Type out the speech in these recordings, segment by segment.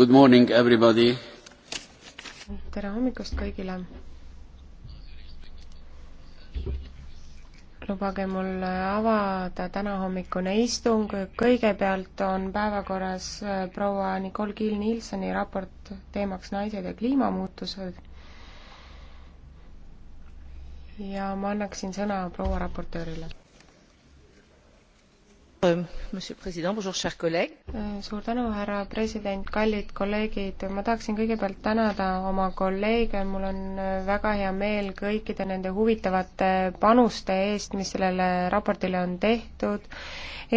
Good morning everybody! tere hommikust kõigile! lubage mul avada tänahommikune istung. kõigepealt on päevakorras äh, proua Nicole Kiil-Nielsoni raport teemaks naised ja kliimamuutused. ja ma annaksin sõna proua raportöörile Äh, suur tänu, härra president, kallid kolleegid, ma tahaksin kõigepealt tänada oma kolleege, mul on äh, väga hea meel kõikide nende huvitavate panuste eest, mis sellele raportile on tehtud.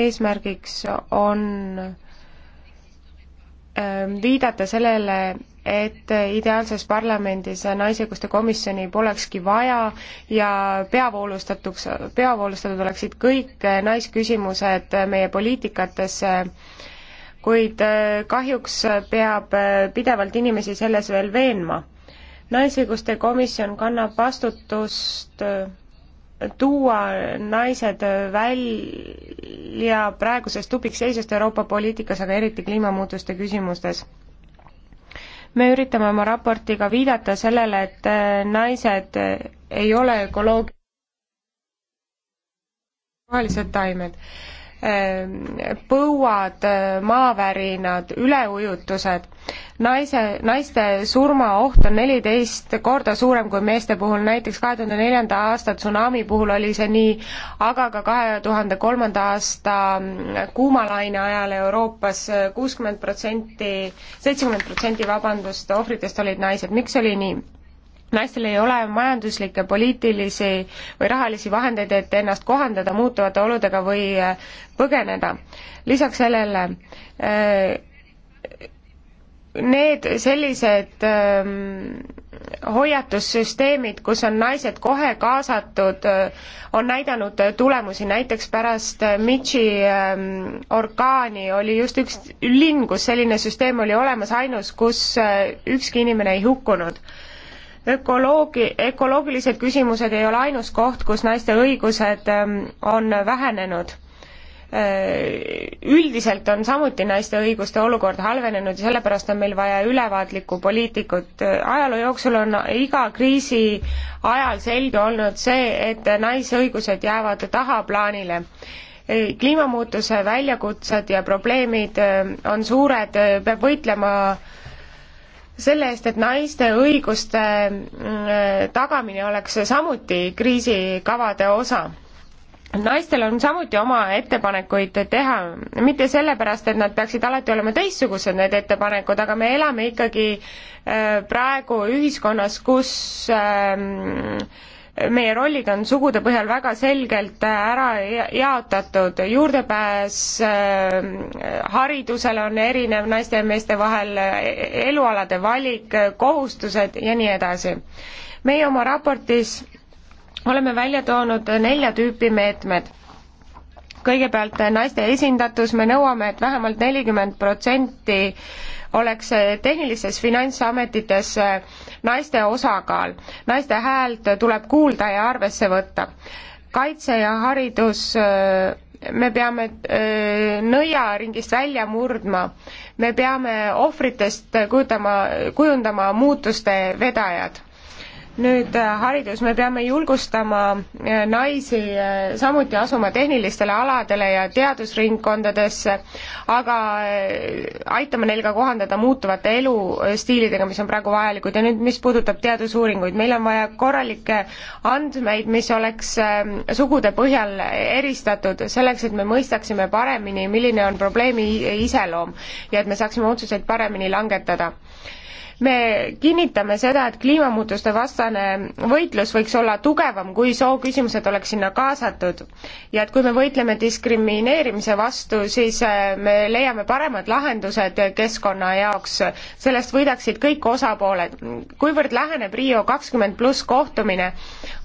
eesmärgiks on äh, viidata sellele, et ideaalses parlamendis Naisõiguste Komisjoni polekski vaja ja peavoolustatuks, peavoolustatud oleksid kõik naisküsimused meie poliitikatesse, kuid äh, kahjuks peab äh, pidevalt inimesi selles veel veenma. naisõiguste komisjon kannab vastutust äh, tuua naised välja praegusest tupikseisust Euroopa poliitikas, aga eriti kliimamuutuste küsimustes me üritame oma raportiga viidata sellele, et äh, naised äh, ei ole ökoloog-, rohelised taimed Ehm, põuad, ehm, maavärinad, üleujutused. naise, naiste surmaoht on neliteist korda suurem kui meeste puhul, näiteks kahe tuhande neljanda aasta tsunami puhul oli see nii, aga ka kahe tuhande kolmanda aasta mm, kuumalaine ajal Euroopas ehm, kuuskümmend protsenti, seitsekümmend protsenti, vabandust, ohvritest olid naised, miks oli nii? naistel ei ole majanduslikke, poliitilisi või rahalisi vahendeid, et ennast kohandada muutuvate oludega või äh, põgeneda. lisaks sellele äh, need sellised ähm, hoiatussüsteemid, kus on naised kohe kaasatud, äh, on näidanud tulemusi, näiteks pärast Michi ähm, orkaani oli just üks linn, kus selline süsteem oli olemas, ainus, kus ükski inimene ei hukkunud ökoloogi-, ökoloogilised küsimused ei ole ainus koht, kus naiste õigused ähm, on vähenenud. Äh, üldiselt on samuti naiste õiguste olukord halvenenud ja sellepärast on meil vaja ülevaatlikku poliitikut. ajaloo jooksul on iga kriisi ajal selge olnud see, et naisõigused jäävad tahaplaanile äh, kliimamuutuse väljakutsed ja probleemid äh, on suured, peab võitlema äh, selle eest, et naiste õiguste mm, tagamine oleks samuti kriisikavade osa. naistel on samuti oma ettepanekuid teha, mitte sellepärast, et nad peaksid alati olema teistsugused, need ettepanekud, aga me elame ikkagi äh, praegu ühiskonnas, kus äh, meie rollid on sugude põhjal väga selgelt äh, ära jaotatud, juurdepääs äh, haridusele on erinev naiste ja meeste vahel, e-, elualade valik, kohustused ja nii edasi. meie oma raportis oleme välja toonud nelja tüüpi meetmed. kõigepealt naiste esindatus, me nõuame, et vähemalt nelikümmend protsenti oleks tehnilistes finantsametites naiste osakaal. naiste häält tuleb kuulda ja arvesse võtta. kaitse ja haridus me peame äh, nõiaringist välja murdma, me peame ohvritest kujutama, kujundama muutuste vedajad nüüd äh, haridus, me peame julgustama äh, naisi äh, samuti asuma tehnilistele aladele ja teadusringkondadesse, aga aitame neil ka kohandada muutuvate elustiilidega, mis on praegu vajalikud ja nüüd, mis puudutab teadusuuringuid, meil on vaja korralikke andmeid, mis oleks ähm, sugude põhjal eristatud, selleks et me mõistaksime paremini, milline on probleemi iseloom ja et me saaksime otsuseid paremini langetada me kinnitame seda, et kliimamuutuste vastane võitlus võiks olla tugevam, kui sooküsimused oleks sinna kaasatud. ja et kui me võitleme diskrimineerimise vastu, siis äh, me leiame paremad lahendused keskkonna jaoks, sellest võidaksid kõik osapooled. kuivõrd läheneb Rio kakskümmend pluss kohtumine,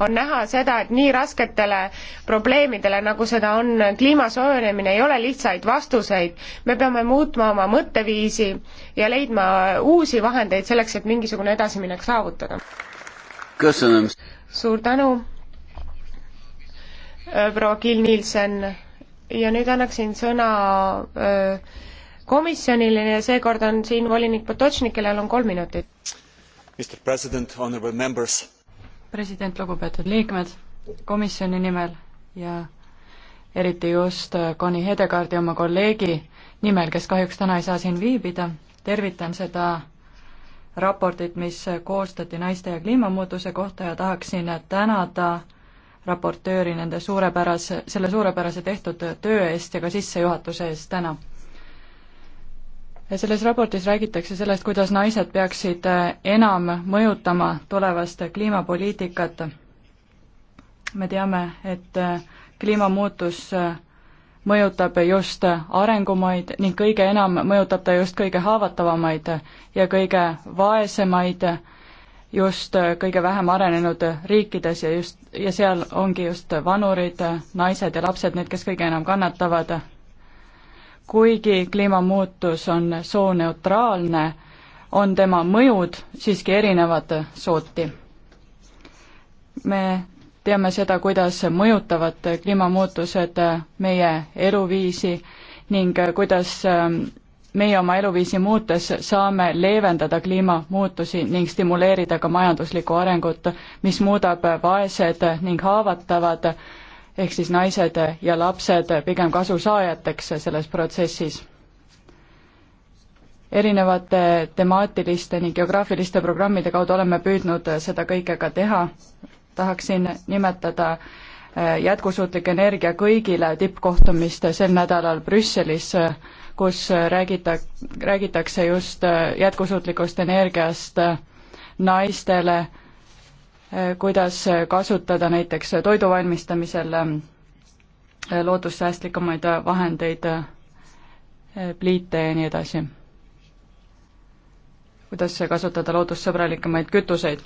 on näha seda, et nii rasketele probleemidele, nagu seda on kliima soojenemine, ei ole lihtsaid vastuseid. me peame muutma oma mõtteviisi ja leidma uusi vahendeid, vahendeid selleks, et mingisugune edasiminek saavutada. suur tänu, äh, proua Kill Nielsen ja nüüd annaksin sõna äh, komisjonile ja seekord on siin volinik Potočnik, kellel on kolm minutit. president, president, lugupeetud liikmed, komisjoni nimel ja eriti just äh, Connie Hedegaardi, oma kolleegi nimel, kes kahjuks täna ei saa siin viibida, tervitan seda raportit, mis koostati naiste ja kliimamuutuse kohta ja tahaksin tänada raportööri nende suurepärase, selle suurepärase tehtud töö eest ja ka sissejuhatuse eest täna. selles raportis räägitakse sellest, kuidas naised peaksid enam mõjutama tulevast kliimapoliitikat. me teame, et kliimamuutus mõjutab just arengumaid ning kõige enam mõjutab ta just kõige haavatavamaid ja kõige vaesemaid just kõige vähem arenenud riikides ja just, ja seal ongi just vanurid, naised ja lapsed need, kes kõige enam kannatavad. kuigi kliimamuutus on sooneutraalne, on tema mõjud siiski erinevad sooti. me teame seda, kuidas mõjutavad kliimamuutused meie eluviisi ning kuidas ähm, meie oma eluviisi muutes saame leevendada kliimamuutusi ning stimuleerida ka majanduslikku arengut, mis muudab vaesed ning haavatavad ehk siis naised ja lapsed pigem kasusaajateks selles protsessis. erinevate temaatiliste ning geograafiliste programmide kaudu oleme püüdnud seda kõike ka teha, tahaksin nimetada äh, jätkusuutlik energia kõigile tippkohtumist sel nädalal Brüsselis, äh, kus äh, räägita, räägitakse just jätkusuutlikust energiast naistele, kuidas kasutada näiteks toidu valmistamisel loodussäästlikumaid vahendeid, pliite ja nii edasi. kuidas kasutada loodussõbralikumaid kütuseid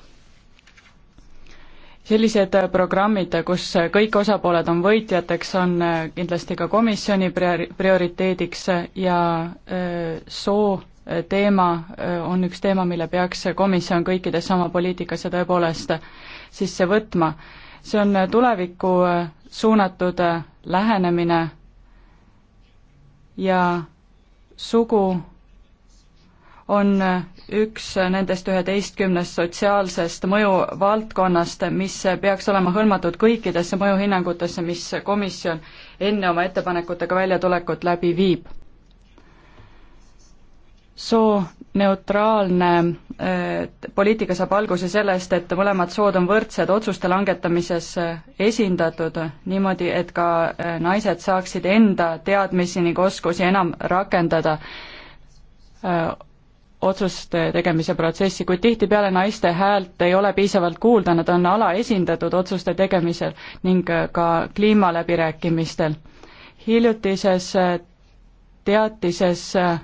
sellised programmid, kus kõik osapooled on võitjateks, on äh, kindlasti ka komisjoni prioriteediks ja äh, soo äh, teema on üks teema, mille peaks komisjon kõikidesse oma poliitikasse tõepoolest sisse võtma. see on tulevikku suunatud lähenemine ja sugu on üks nendest üheteistkümnest sotsiaalsest mõjuvaldkonnast, mis peaks olema hõlmatud kõikidesse mõjuhinnangutesse, mis komisjon enne oma ettepanekutega väljatulekut läbi viib. sooneutraalne äh, poliitika saab alguse sellest, et mõlemad sood on võrdsed otsuste langetamises äh, esindatud niimoodi, et ka äh, naised saaksid enda teadmisi ning oskusi enam rakendada otsuste tegemise protsessi, kuid tihtipeale naiste häält ei ole piisavalt kuulda, nad on alaesindatud otsuste tegemisel ning äh, ka kliimaläbirääkimistel. hiljutises äh, teatises äh,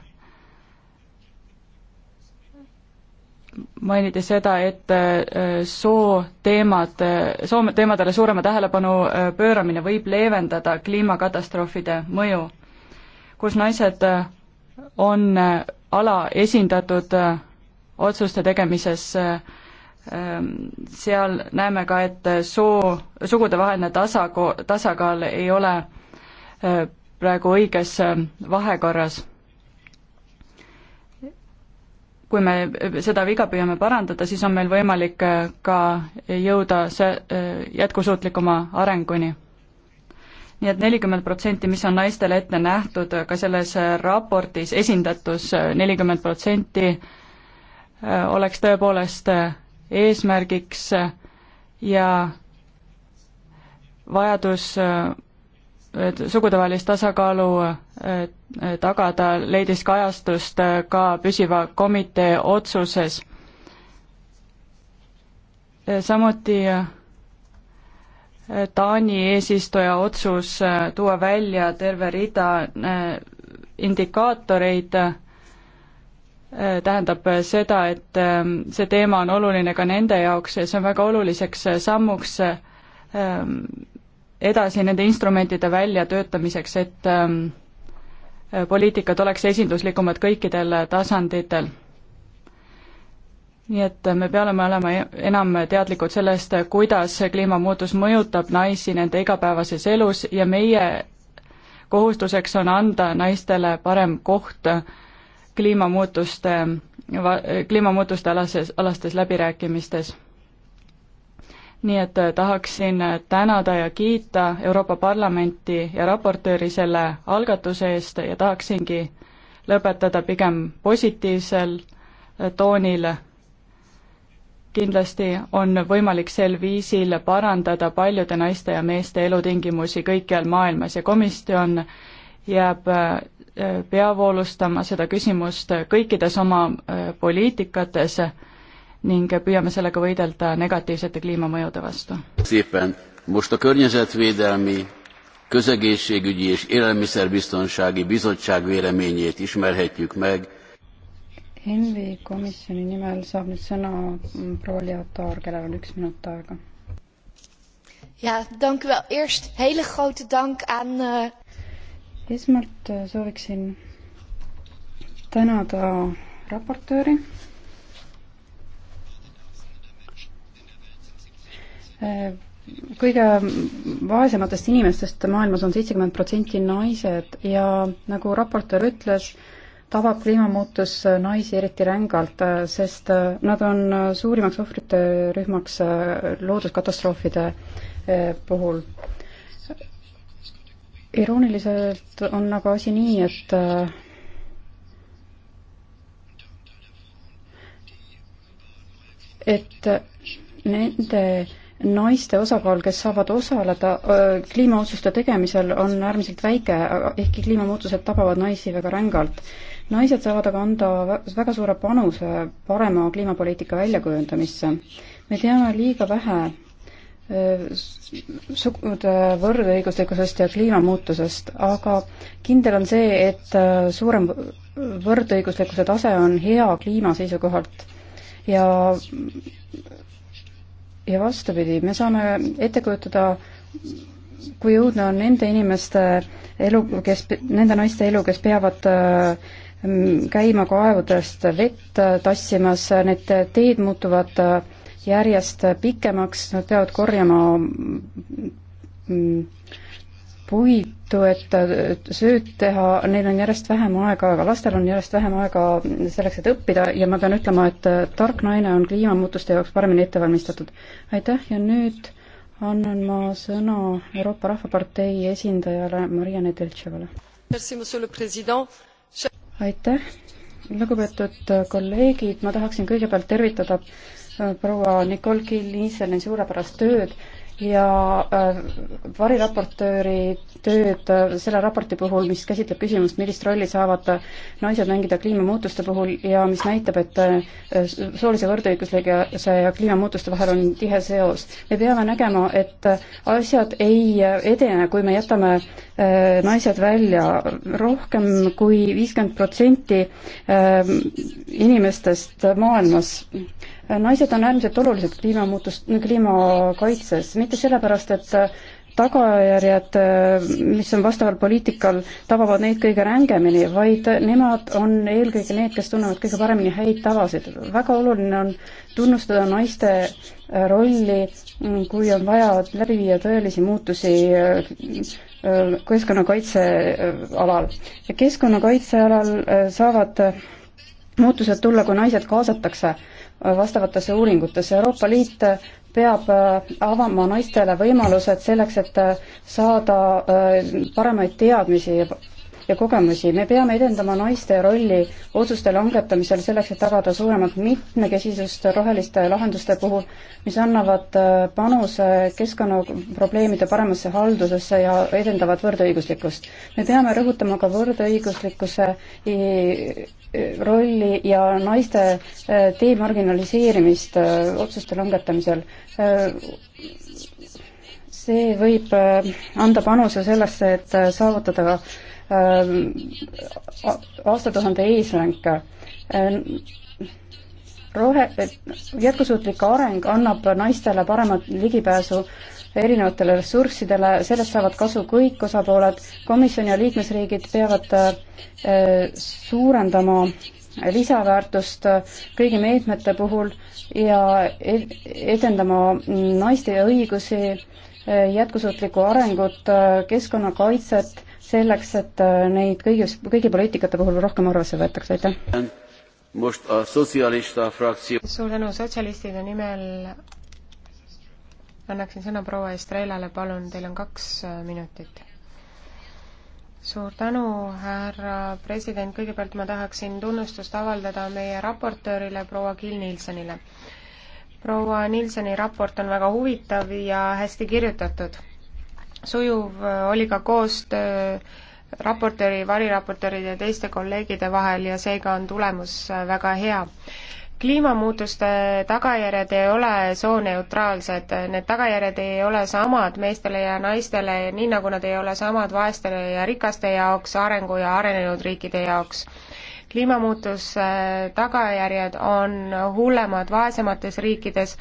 mainiti seda, et sooteemad, sooteemadele suurema tähelepanu pööramine võib leevendada kliimakatastroofide mõju, kus naised on alaesindatud äh, otsuste tegemises. Äh, seal näeme ka, et soo, sugudevaheline tasako-, tasakaal ei ole äh, praegu õiges vahekorras. kui me seda viga püüame parandada, siis on meil võimalik ka jõuda see jätkusuutlikuma arenguni nii et nelikümmend protsenti, mis on naistele ette nähtud, ka selles äh, raportis esindatus äh, nelikümmend protsenti äh, oleks tõepoolest eesmärgiks ja vajadus sugudevahelist tasakaalu tagada leidis kajastust ka püsiva komitee otsuses. samuti Taani eesistuja otsus äh, tuua välja terve rida äh, indikaatoreid äh, tähendab seda, et ähm, see teema on oluline ka nende jaoks ja see on väga oluliseks sammuks ähm, edasi nende instrumentide väljatöötamiseks, et ähm, poliitikad oleks esinduslikumad kõikidel tasanditel nii et me peame olema enam teadlikud sellest, kuidas kliimamuutus mõjutab naisi nende igapäevases elus ja meie kohustuseks on anda naistele parem koht kliimamuutuste, kliimamuutuste alases, alastes läbirääkimistes. nii et tahaksin tänada ja kiita Euroopa Parlamenti ja raportööri selle algatuse eest ja tahaksingi lõpetada pigem positiivsel toonil kindlasti on võimalik sel viisil parandada paljude naiste ja meeste elutingimusi kõikjal maailmas ja komisjon jääb äh, peavoolustama seda küsimust kõikides oma äh, poliitikates ning püüame sellega võidelda negatiivsete kliimamõjude vastu. Most a Környezetvédelmi, Közegészségügyi és Élelmiszerbiztonsági Bizottság véleményét ismerhetjük meg Envi komisjoni nimel saab nüüd sõna proua Leotaar, kellel on üks minut aega. ja, tänk veel, eerst hele grote dank aan uh.... esmalt eh, sooviksin tänada raportööri. Eh, kõige vaesematest inimestest maailmas on seitsekümmend protsenti naised ja nagu raportöör ütles, tabab kliimamuutus naisi eriti rängalt, sest nad on suurimaks ohvrite rühmaks looduskatastroofide eh, puhul. irooniliselt on aga asi nii, et et nende naiste osakaal, kes saavad osaleda kliimaotsuste tegemisel, on äärmiselt väike, ehkki kliimamuutused tabavad naisi väga rängalt. naised saavad aga anda väga suure panuse parema kliimapoliitika väljakujundamisse. me teame liiga vähe sugude võrdõiguslikkusest ja kliimamuutusest, aga kindel on see, et suurem võrdõiguslikkuse tase on hea kliima seisukohalt ja ja vastupidi, me saame ette kujutada, kui õudne on nende inimeste elu, kes, nende naiste elu, kes peavad äh, käima kaevudest vett äh, tassimas, need teed muutuvad äh, järjest pikemaks, nad peavad korjama mm, puid seetõttu, et sööt teha, neil on järjest vähem aega, aga lastel on järjest vähem aega selleks, et õppida ja ma pean ütlema, et tark naine on kliimamuutuste jaoks paremini ette valmistatud. aitäh ja nüüd annan ma sõna Euroopa Rahvapartei esindajale Marianne Deltševale. aitäh, lugupeetud kolleegid, ma tahaksin kõigepealt tervitada äh, proua Nicole Kill-Niiseli suurepärast tööd ja äh, variraportööri tööd äh, selle raporti puhul, mis käsitleb küsimust, millist rolli saavad äh, naised mängida kliimamuutuste puhul ja mis näitab, et soolise võrdõiguslikkuse ja kliimamuutuste vahel on tihe seos. me peame nägema, et asjad ei edene, kui me jätame naised välja rohkem kui viiskümmend protsenti inimestest maailmas naised on äärmiselt olulised kliimamuutust, kliimakaitses, mitte sellepärast, et äh, tagajärjed, äh, mis on vastaval poliitikal, tabavad neid kõige rängemini, vaid nemad on eelkõige need, kes tunnevad kõige paremini häid tavasid. väga oluline on tunnustada naiste äh, rolli, mm, kui on vaja läbi viia tõelisi muutusi keskkonnakaitse alal. keskkonnakaitse alal saavad muutused tulla, kui naised kaasatakse vastavatesse uuringutesse. Euroopa Liit peab äh, avama naistele võimalused selleks, et äh, saada äh, paremaid teadmisi ja kogemusi. me peame edendama naiste rolli otsuste langetamisel selleks, et tagada suuremat mitmekesisust roheliste lahenduste puhul, mis annavad äh, panuse keskkonnaprobleemide paremasse haldusesse ja edendavad võrdõiguslikkust. me peame rõhutama ka võrdõiguslikkuse rolli ja naiste äh, demarginaliseerimist äh, otsuste langetamisel see võib anda panuse sellesse, et saavutada aastatuhande eesmärke rohe, jätkusuutlik areng annab naistele paremat ligipääsu erinevatele ressurssidele, sellest saavad kasu kõik osapooled, komisjon ja liikmesriigid peavad suurendama lisaväärtust kõigi meetmete puhul ja e-, edendama naiste õigusi, jätkusuutlikku arengut, keskkonnakaitset selleks, et äh, neid kõigis, kõigi poliitikate puhul rohkem arvesse võetakse, aitäh! Äh, suur tänu, sotsialistide nimel annaksin sõna proua Estrelale, palun, teil on kaks äh, minutit suur tänu, härra president, kõigepealt ma tahaksin tunnustust avaldada meie raportöörile proua Kill Nilssonile. proua Nilssoni raport on väga huvitav ja hästi kirjutatud sujuv äh, oli ka koostöö äh, raportööri, variraportööride ja teiste kolleegide vahel ja seega on tulemus äh, väga hea. kliimamuutuste tagajärjed ei ole sooneutraalsed, need tagajärjed ei ole samad meestele ja naistele, nii nagu nad ei ole samad vaestele ja rikaste jaoks, arengu ja arenenud riikide jaoks kliimamuutuse tagajärjed on hullemad vaesemates riikides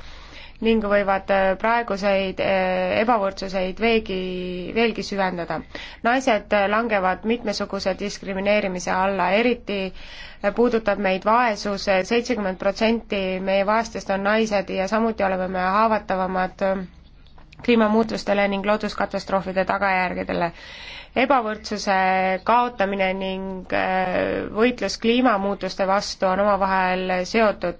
ning võivad äh, praeguseid äh, ebavõrdsuseid veegi, veelgi süvendada. naised äh, langevad mitmesuguse diskrimineerimise alla, eriti puudutab meid vaesus, seitsekümmend protsenti meie vaestest on naised ja samuti oleme me haavatavamad kliimamuutustele ning looduskatastroofide tagajärgedele. ebavõrdsuse kaotamine ning võitlus kliimamuutuste vastu on omavahel seotud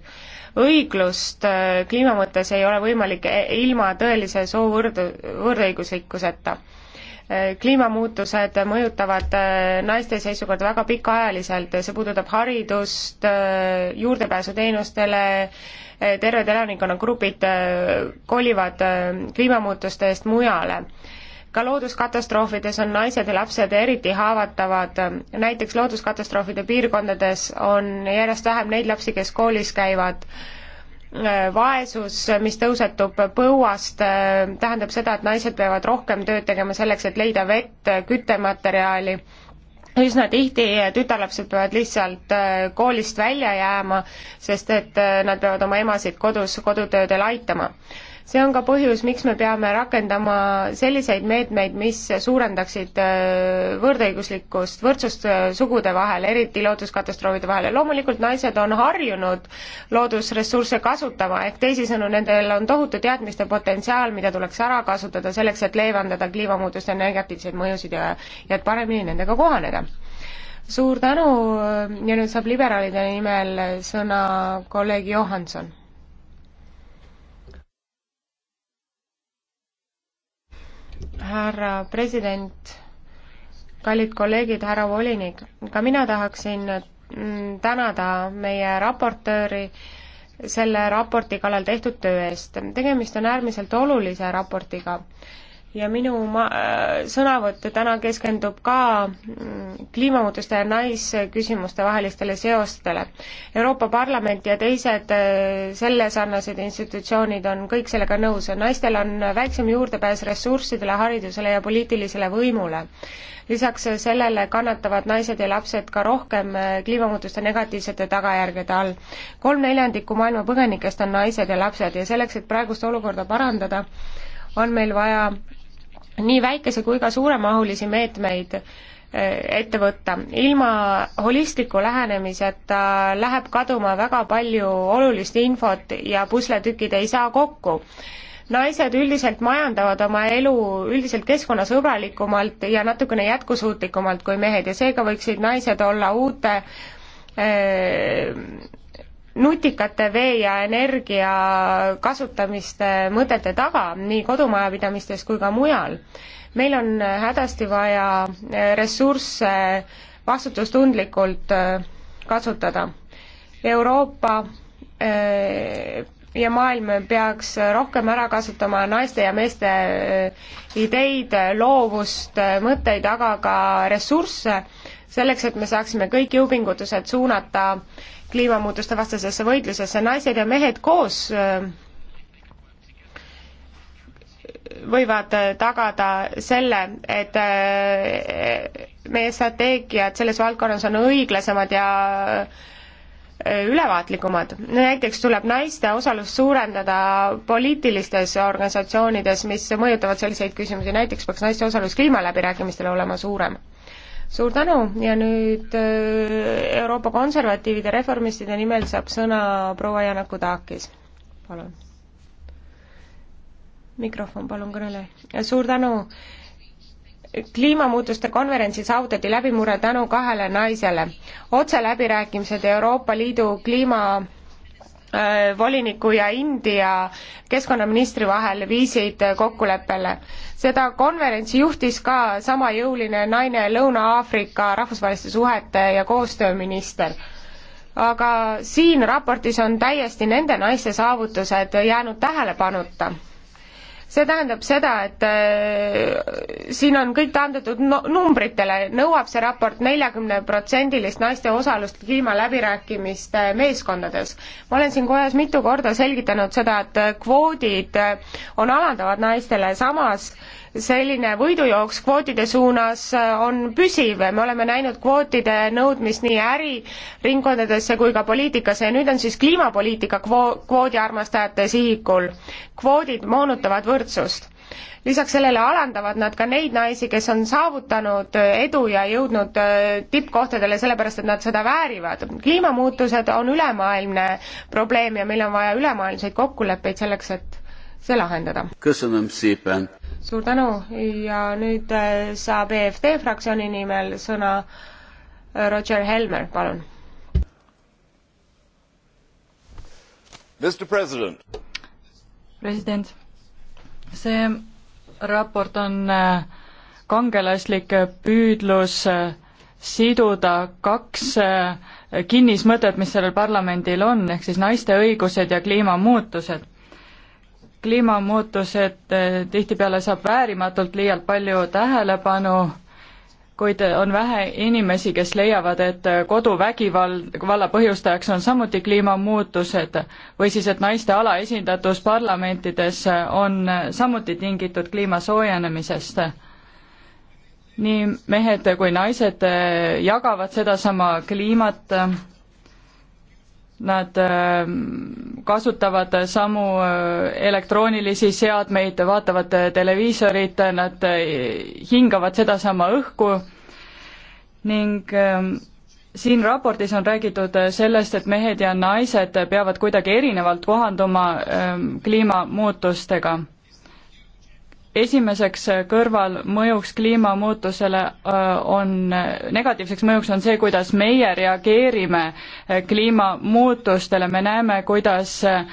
õiglust äh, kliima mõttes ei ole võimalik e-, ilma tõelise soo võrd-, võrdõiguslikkuseta. Äh, kliimamuutused mõjutavad äh, naiste seisukorda väga pikaajaliselt, see puudutab haridust, juurdepääsu teenustele, terved elanikkonnagrupid kolivad kliimamuutuste eest mujale ka looduskatastroofides on naised ja lapsed eriti haavatavad, näiteks looduskatastroofide piirkondades on järjest vähem neid lapsi, kes koolis käivad, vaesus, mis tõusetub põuast, tähendab seda, et naised peavad rohkem tööd tegema selleks, et leida vett, küttematerjali, üsna tihti tütarlapsed peavad lihtsalt äh, koolist välja jääma, sest et äh, nad peavad oma emasid kodus kodutöödel aitama see on ka põhjus, miks me peame rakendama selliseid meetmeid, mis suurendaksid äh, võrdõiguslikkust, võrdsust äh, sugude vahel, eriti looduskatastroofide vahel ja loomulikult naised on harjunud loodusressursse kasutama, ehk teisisõnu, nendel on tohutu teadmiste potentsiaal, mida tuleks ära kasutada selleks, et leevendada kliimamuutuste negatiivseid mõjusid ja, ja et paremini nendega kohaneda suur tänu äh, ja nüüd saab liberaalide nimel sõna kolleeg Johanson härra president, kallid kolleegid, härra volinik, ka mina tahaksin mm, tänada meie raportööri selle raporti kallal tehtud töö eest. tegemist on äärmiselt olulise raportiga ja minu ma-, sõnavõtt täna keskendub ka mm, kliimamuutuste ja naisküsimuste vahelistele seostele. Euroopa Parlament ja teised äh, sellesarnased institutsioonid on kõik sellega nõus, naistel on väiksem juurdepääs ressurssidele, haridusele ja poliitilisele võimule. lisaks sellele kannatavad naised ja lapsed ka rohkem äh, kliimamuutuste negatiivsete tagajärgede all. kolm neljandikku maailma põgenikest on naised ja lapsed ja selleks, et praegust olukorda parandada, on meil vaja nii väikese kui ka suuremahulisi meetmeid äh, ette võtta. ilma holistliku lähenemiseta läheb kaduma väga palju olulist infot ja pusletükid ei saa kokku. naised üldiselt majandavad oma elu üldiselt keskkonnasõbralikumalt ja natukene jätkusuutlikumalt kui mehed ja seega võiksid naised olla uute äh, nutikate vee ja energia kasutamiste mõtete taga nii kodumajapidamistes kui ka mujal. meil on hädasti vaja eh, ressursse vastutustundlikult eh, kasutada. Euroopa eh, ja maailm peaks rohkem ära kasutama naiste ja meeste ideid, loovust, mõtteid, aga ka ressursse, selleks et me saaksime kõik jõupingutused suunata äh, kliimamuutuste vastasesse võitlusesse, naised ja mehed koos äh, võivad äh, tagada selle, et äh, meie strateegiad selles valdkonnas on õiglasemad ja ülevaatlikumad. näiteks tuleb naiste osalust suurendada poliitilistes organisatsioonides, mis mõjutavad selliseid küsimusi, näiteks peaks naiste osalus kliimaläbirääkimistel olema suurem suur tänu ja nüüd äh, Euroopa konservatiivide reformistide nimel saab sõna proua Janaku Taakis, palun. mikrofon palun kõnele. suur tänu kliimamuutuste konverentsi saavutati läbimurre tänu kahele naisele. otseläbirääkimised Euroopa Liidu kliima äh, voliniku ja India keskkonnaministri vahel viisid kokkuleppele seda konverentsi juhtis ka sama jõuline naine, Lõuna-Aafrika rahvusvaheliste suhete ja koostööminister aga siin raportis on täiesti nende naiste saavutused jäänud tähelepanuta see tähendab seda, et äh, siin on kõik taandatud no numbritele, nõuab see raport neljakümneprotsendilist naiste osalust kliimaläbirääkimiste meeskondades. ma olen siin kojas mitu korda selgitanud seda, et kvoodid äh, on alandavad naistele, samas äh, selline võidujooks kvootide suunas äh, on püsiv, me oleme näinud kvootide nõudmist nii äriringkondadesse kui ka poliitikasse ja nüüd on siis kliimapoliitika kvoo-, kvoodiarmastajate sihikul. kvoodid moonutavad võrdsust. lisaks sellele alandavad nad ka neid naisi, kes on saavutanud edu ja jõudnud äh, tippkohtadele sellepärast, et nad seda väärivad. kliimamuutused on ülemaailmne probleem ja meil on vaja ülemaailmseid kokkuleppeid selleks, et see lahendada. köszönöm szépen! suur tänu ja nüüd äh, saab EFD fraktsiooni nimel sõna äh, Roger Helmer, palun. president, president., see raport on äh, kangelaslik püüdlus siduda kaks kinnismõtet, mis sellel parlamendil on, ehk siis naiste õigused ja kliimamuutused kliimamuutused eh, tihtipeale saab väärimatult liialt palju tähelepanu, kuid on vähe inimesi, kes leiavad, et koduvägivald, valla põhjustajaks on samuti kliimamuutused või siis, et naiste alaesindatus parlamentides on samuti tingitud kliima soojenemisest nii mehed kui naised eh, jagavad sedasama kliimat Nad ähm, kasutavad samu äh, elektroonilisi seadmeid, vaatavad äh, televiisorit, nad äh, hingavad sedasama õhku ning ähm, siin raportis on räägitud sellest, et mehed ja naised peavad kuidagi erinevalt kohanduma ähm, kliimamuutustega esimeseks kõrvalmõjuks kliimamuutusele äh, on, negatiivseks mõjuks on see, kuidas meie reageerime äh, kliimamuutustele, me näeme, kuidas äh,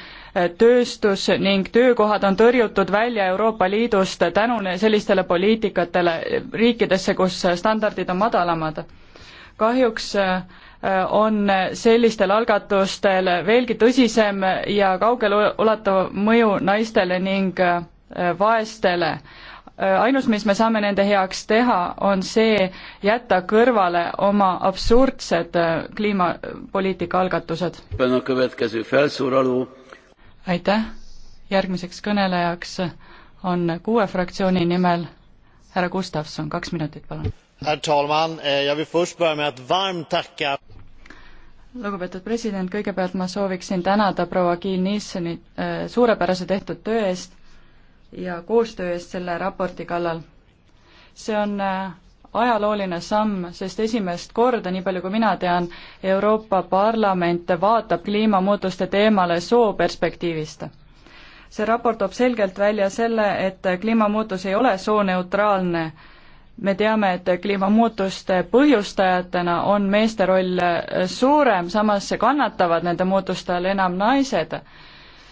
tööstus ning töökohad on tõrjutud välja Euroopa Liidust tänu sellistele poliitikatele riikidesse, kus standardid on madalamad. kahjuks on sellistel algatustel veelgi tõsisem ja kaugeleulatav mõju naistele ning Äh, vaestele. Äh, ainus, mis me saame nende heaks teha, on see, jätta kõrvale oma absurdsed äh, kliimapoliitika algatused. aitäh, järgmiseks kõnelejaks on kuue fraktsiooni nimel härra Gustavson, kaks minutit, palun. Eh, lugupeetud president, kõigepealt ma sooviksin tänada proua Kiil Nissoni eh, suurepärase tehtud töö eest ja koostöö eest selle raporti kallal. see on äh, ajalooline samm, sest esimest korda, nii palju kui mina tean, Euroopa Parlament vaatab kliimamuutuste teemale sooperspektiivist. see raport toob selgelt välja selle, et kliimamuutus ei ole sooneutraalne. me teame, et kliimamuutuste põhjustajatena on meeste roll äh, suurem, samas kannatavad nende muutuste all enam naised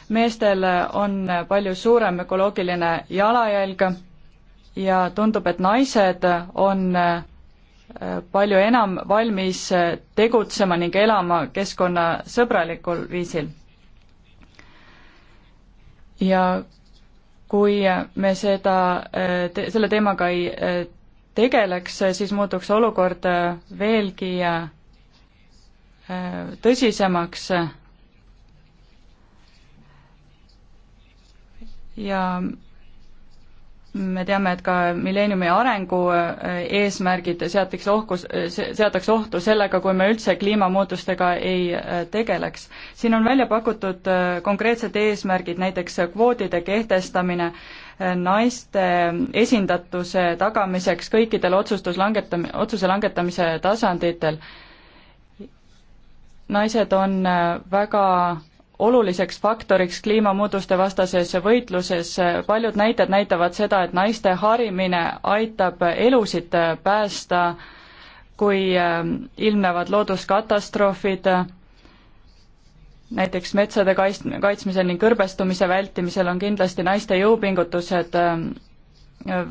meestel on palju suurem ökoloogiline jalajälg ja tundub, et naised on äh, palju enam valmis tegutsema ning elama keskkonnasõbralikul viisil. ja kui me seda, äh, selle teemaga ei äh, tegeleks, siis muutuks olukord veelgi tõsisemaks ja me teame, et ka milleeniumi arengu äh, eesmärgid seatakse ohku, seatakse ohtu sellega, kui me üldse kliimamuutustega ei äh, tegeleks. siin on välja pakutud äh, konkreetsed eesmärgid, näiteks kvoodide kehtestamine, naiste esindatuse tagamiseks kõikidel otsustus langetam-, otsuse langetamise tasanditel. naised on väga oluliseks faktoriks kliimamuutuste vastases võitluses. paljud näited näitavad seda, et naiste harimine aitab elusid päästa, kui ähm, ilmnevad looduskatastroofid, näiteks metsade kaits-, kaitsmisel ning kõrbestumise vältimisel on kindlasti naiste jõupingutused ähm,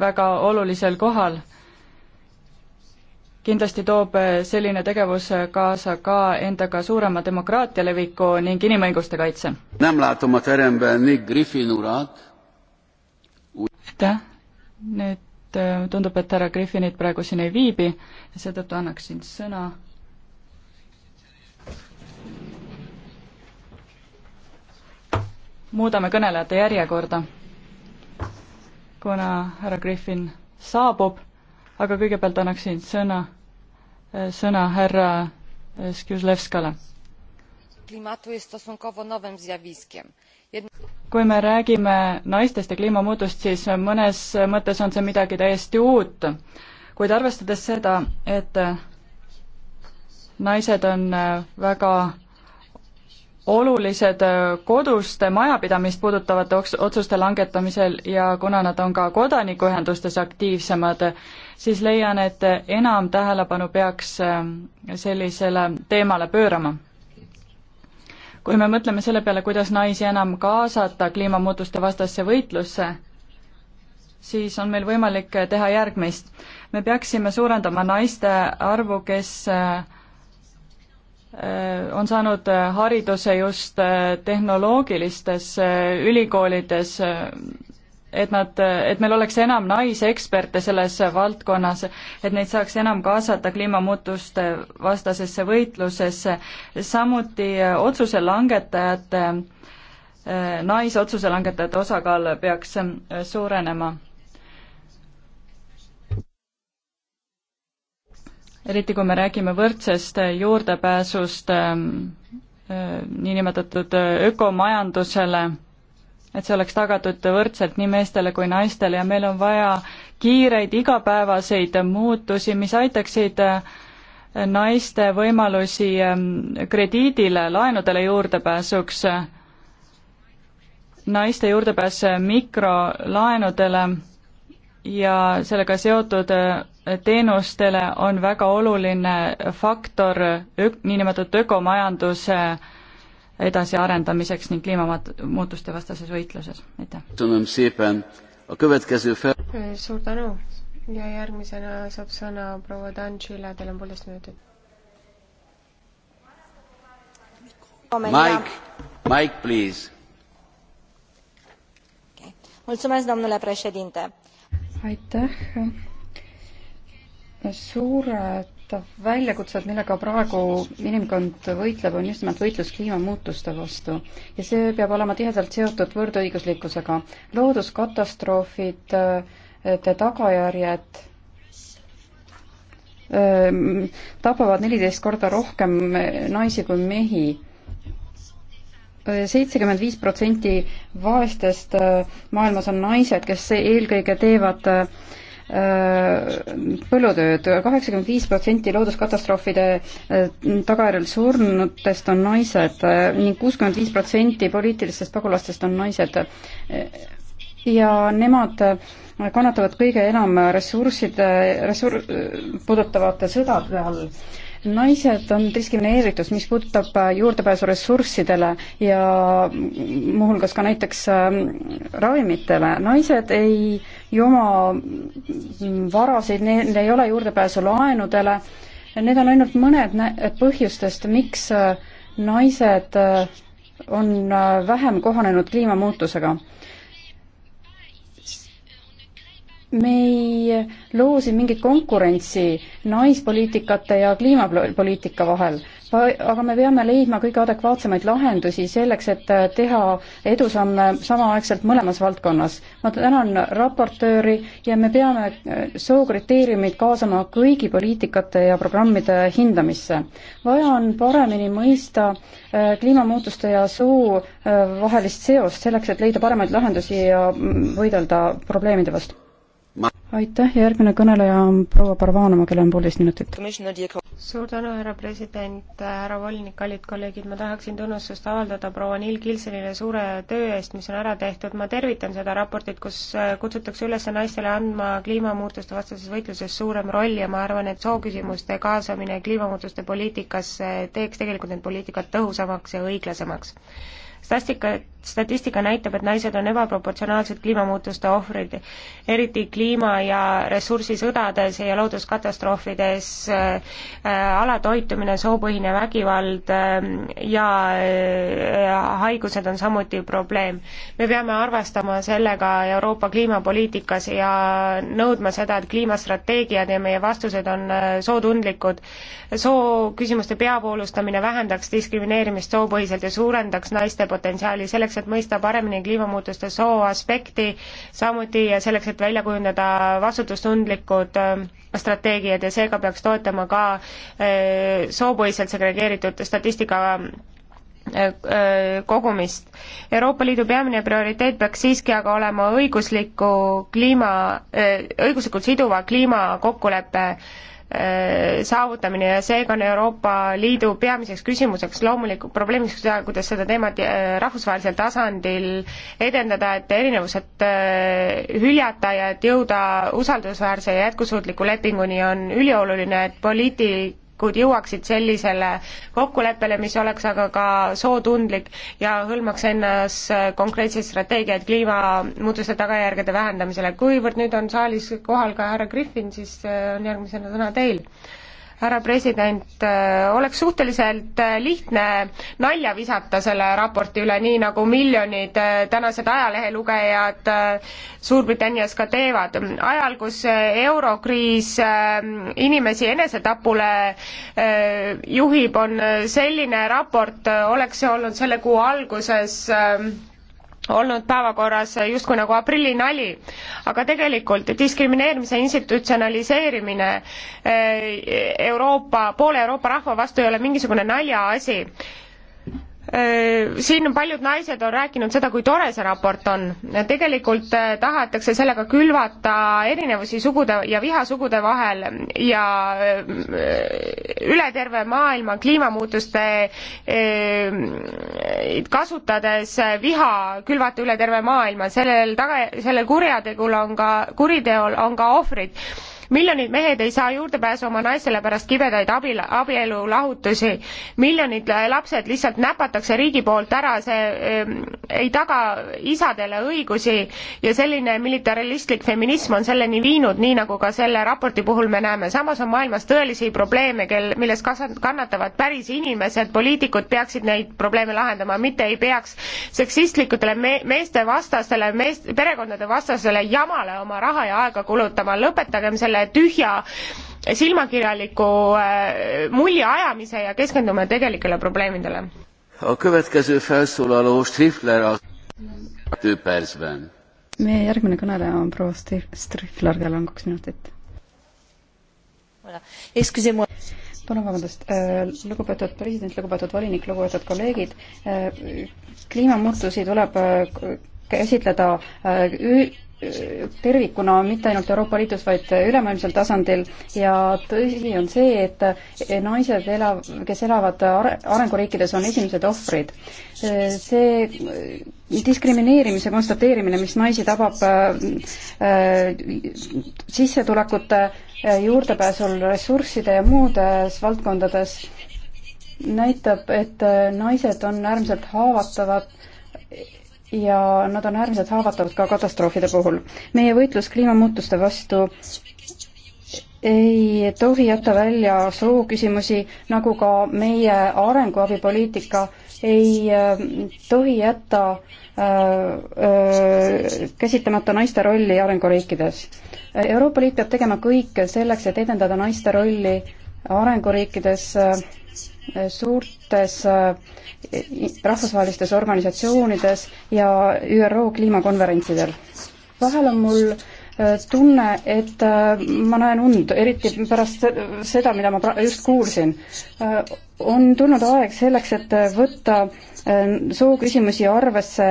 väga olulisel kohal kindlasti toob äh, selline tegevus äh, kaasa ka endaga suurema demokraatia leviku ning inimõiguste kaitse. aitäh, nüüd äh, tundub, et härra Griffinit praegu siin ei viibi ja seetõttu annaksin sõna muudame kõnelejate järjekorda, kuna härra Griffin saabub aga kõigepealt annaksin sõna, eh, sõna härra eh, Skjuslevskale. kui me räägime naistest ja kliimamuutust, siis mõnes mõttes on see midagi täiesti uut, kuid arvestades seda, et naised on eh, väga olulised äh, koduste majapidamist puudutavate otsuste langetamisel ja kuna nad on ka kodanikuühendustes aktiivsemad, siis leian, et enam tähelepanu peaks äh, sellisele teemale pöörama. kui me mõtleme selle peale, kuidas naisi enam kaasata kliimamuutuste vastasse võitlusse, siis on meil võimalik teha järgmist. me peaksime suurendama naiste arvu, kes äh, Äh, on saanud äh, hariduse just äh, tehnoloogilistes ülikoolides, et nad, et meil oleks enam naiseksperte selles valdkonnas, et neid saaks enam kaasata kliimamuutuste vastasesse võitlusesse, samuti otsuse langetajate, naisotsuse langetajate osakaal peaks suurenema eriti kui me räägime võrdsest juurdepääsust ähm, äh, niinimetatud äh, ökomajandusele, et see oleks tagatud võrdselt nii meestele kui naistele ja meil on vaja kiireid igapäevaseid muutusi, mis aitaksid äh, naiste võimalusi ähm, krediidile, laenudele juurdepääsuks, naiste juurdepääs mikrolaenudele ja sellega seotud teenustele on väga oluline faktor ök-, niinimetatud ökomajanduse edasiarendamiseks ning kliimamuutuste vastases võitluses, aitäh. suur tänu ja järgmisena saab sõna proua Danšile, teil on poolteist minutit. Mike, Mike, please. aitäh suured väljakutsed, millega praegu inimkond võitleb, on just nimelt võitlus kliimamuutuste vastu ja see peab olema tihedalt seotud võrdõiguslikkusega. looduskatastroofid, eh, tagajärjed eh, tapavad neliteist korda rohkem eh, naisi kui mehi seitsekümmend viis protsenti vaestest maailmas on naised, kes eelkõige teevad äh, Äh, põllutööd. kaheksakümmend viis protsenti looduskatastroofide äh, tagajärjel surnutest on naised äh, ning kuuskümmend viis protsenti poliitilistest pagulastest on naised. ja nemad kannatavad kõige enam ressursside, ressur-, puudutavate sõdade all naised on diskrimineeritud, mis puudutab äh, juurdepääsu ressurssidele ja muuhulgas ka näiteks ähm, ravimitele. naised ei joma varasid, neil ei ole juurdepääsu laenudele. Need on ainult mõned põhjustest, miks äh, naised äh, on vähem kohanenud kliimamuutusega me ei loo siin mingit konkurentsi naispoliitikate ja kliimapoliitika vahel, aga me peame leidma kõige adekvaatsemaid lahendusi selleks, et teha edusamme samaaegselt mõlemas valdkonnas. ma tänan raportööri ja me peame sookriteeriumid kaasama kõigi poliitikate ja programmide hindamisse. vaja on paremini mõista äh, kliimamuutuste ja soo äh, vahelist seost selleks, et leida paremaid lahendusi ja mm, võidelda probleemide vastu aitäh, järgmine kõneleja on proua Parvanova, kellel on poolteist minutit. suur tänu, härra president, äh, härra volinik, kallid kolleegid, ma tahaksin tunnustust avaldada proua Neil Kilsenile suure töö eest, mis on ära tehtud, ma tervitan seda raportit, kus äh, kutsutakse üles naistele andma kliimamuutuste vastases võitluses suurem roll ja ma arvan, et sooküsimuste kaasamine kliimamuutuste poliitikasse teeks tegelikult need poliitikad tõhusamaks ja õiglasemaks statistika, statistika näitab, et naised on ebaproportsionaalsed kliimamuutuste ohvrid, eriti kliima- ja ressursisõdades ja looduskatastroofides äh, äh,, alatoitumine, soopõhine vägivald äh, ja äh, haigused on samuti probleem. me peame arvestama sellega Euroopa kliimapoliitikas ja nõudma seda, et kliimastrateegiad ja meie vastused on äh, sootundlikud. sooküsimuste peavoolustamine vähendaks diskrimineerimist soopõhiselt ja suurendaks naiste potentsiaali selleks, selleks, et mõista paremini kliimamuutuste soo aspekti, samuti selleks, et välja kujundada vastutustundlikud ähm, strateegiad ja seega peaks toetama ka äh, soopõhiselt segregeeritud statistika äh, äh, kogumist. Euroopa Liidu peamine prioriteet peaks siiski aga olema õigusliku kliima, õiguslikult siduva kliimakokkuleppe Äh, saavutamine ja seega on Euroopa Liidu peamiseks küsimuseks loomulikult probleemiks seda, kuidas seda teemat äh, rahvusvahelisel tasandil edendada, et erinevused äh, hüljata ja et jõuda usaldusväärse ja jätkusuutliku lepinguni on ülioluline, et poliiti-, kodanikud jõuaksid sellisele kokkuleppele, mis oleks aga ka sootundlik ja hõlmaks endas konkreetseid strateegiaid kliimamuutuste tagajärgede vähendamisele. kuivõrd nüüd on saalis kohal ka härra Griffin, siis äh, on järgmisena sõna teil härra president, äh, oleks suhteliselt äh, lihtne nalja visata selle raporti üle, nii nagu miljonid äh, tänased ajalehelugejad Suurbritannias ka teevad. ajal, kus eurokriis inimesi enesetapule juhib, on selline raport, oleks see olnud selle kuu alguses olnud päevakorras justkui nagu aprillinali, aga tegelikult diskrimineerimise institutsionaliseerimine eh, Euroopa, poole Euroopa rahva vastu ei ole mingisugune naljaasi. Äh, siin paljud naised on rääkinud seda, kui tore see raport on. tegelikult äh, tahetakse sellega külvata erinevusi sugude ja viha sugude vahel ja äh, üle terve maailma kliimamuutuste kasutades viha külvata üle terve maailma, sellel taga, sellel kurjategul on ka, kuriteol on ka ohvrid miljonid mehed ei saa juurdepääsu oma naistele pärast kibedaid abi, abielulahutusi. miljonid lapsed lihtsalt näpatakse riigi poolt ära, see äh, ei taga isadele õigusi ja selline militaristlik feminism on selleni viinud, nii nagu ka selle raporti puhul me näeme. samas on maailmas tõelisi probleeme, kel, milles kasvat-, kannatavad päris inimesed, poliitikud peaksid neid probleeme lahendama, mitte ei peaks seksistlikutele me-, meeste vastastele, meest-, perekondade vastasele jamale oma raha ja aega kulutama, lõpetagem selle tühja silmakirjaliku äh, mulje ajamise ja keskendume tegelikele probleemidele. A következő felszólaló Strifler a two percben. meie järgmine kõneleja on proua Strifler, kellel on kaks minutit. palun vabandust, äh, lugupeetud president, lugupeetud volinik, lugupeetud kolleegid, äh, kliimamuutusi tuleb käsitleda tervikuna, mitte ainult Euroopa Liidus, vaid ülemaailmsel tasandil ja tõsi on see, et naised elav, kes elavad arenguriikides, on esimesed ohvrid. see diskrimineerimise konstateerimine, mis naisi tabab äh, sissetulekute juurdepääsul ressursside ja muudes valdkondades, näitab, et naised on äärmiselt haavatavad ja nad on äärmiselt haavatavad ka katastroofide puhul. meie võitlus kliimamuutuste vastu ei tohi jätta välja sooküsimusi, nagu ka meie arenguabipoliitika ei äh, tohi jätta äh, äh, käsitlemata naiste rolli arenguriikides. Euroopa Liit peab tegema kõik selleks, et edendada naiste rolli arenguriikides äh, suurtes äh, rahvusvahelistes organisatsioonides ja ÜRO kliimakonverentsidel. vahel on mul äh, tunne, et äh, ma näen und, eriti pärast seda, mida ma just kuulsin. on tulnud aeg selleks, et võtta sooküsimusi arvesse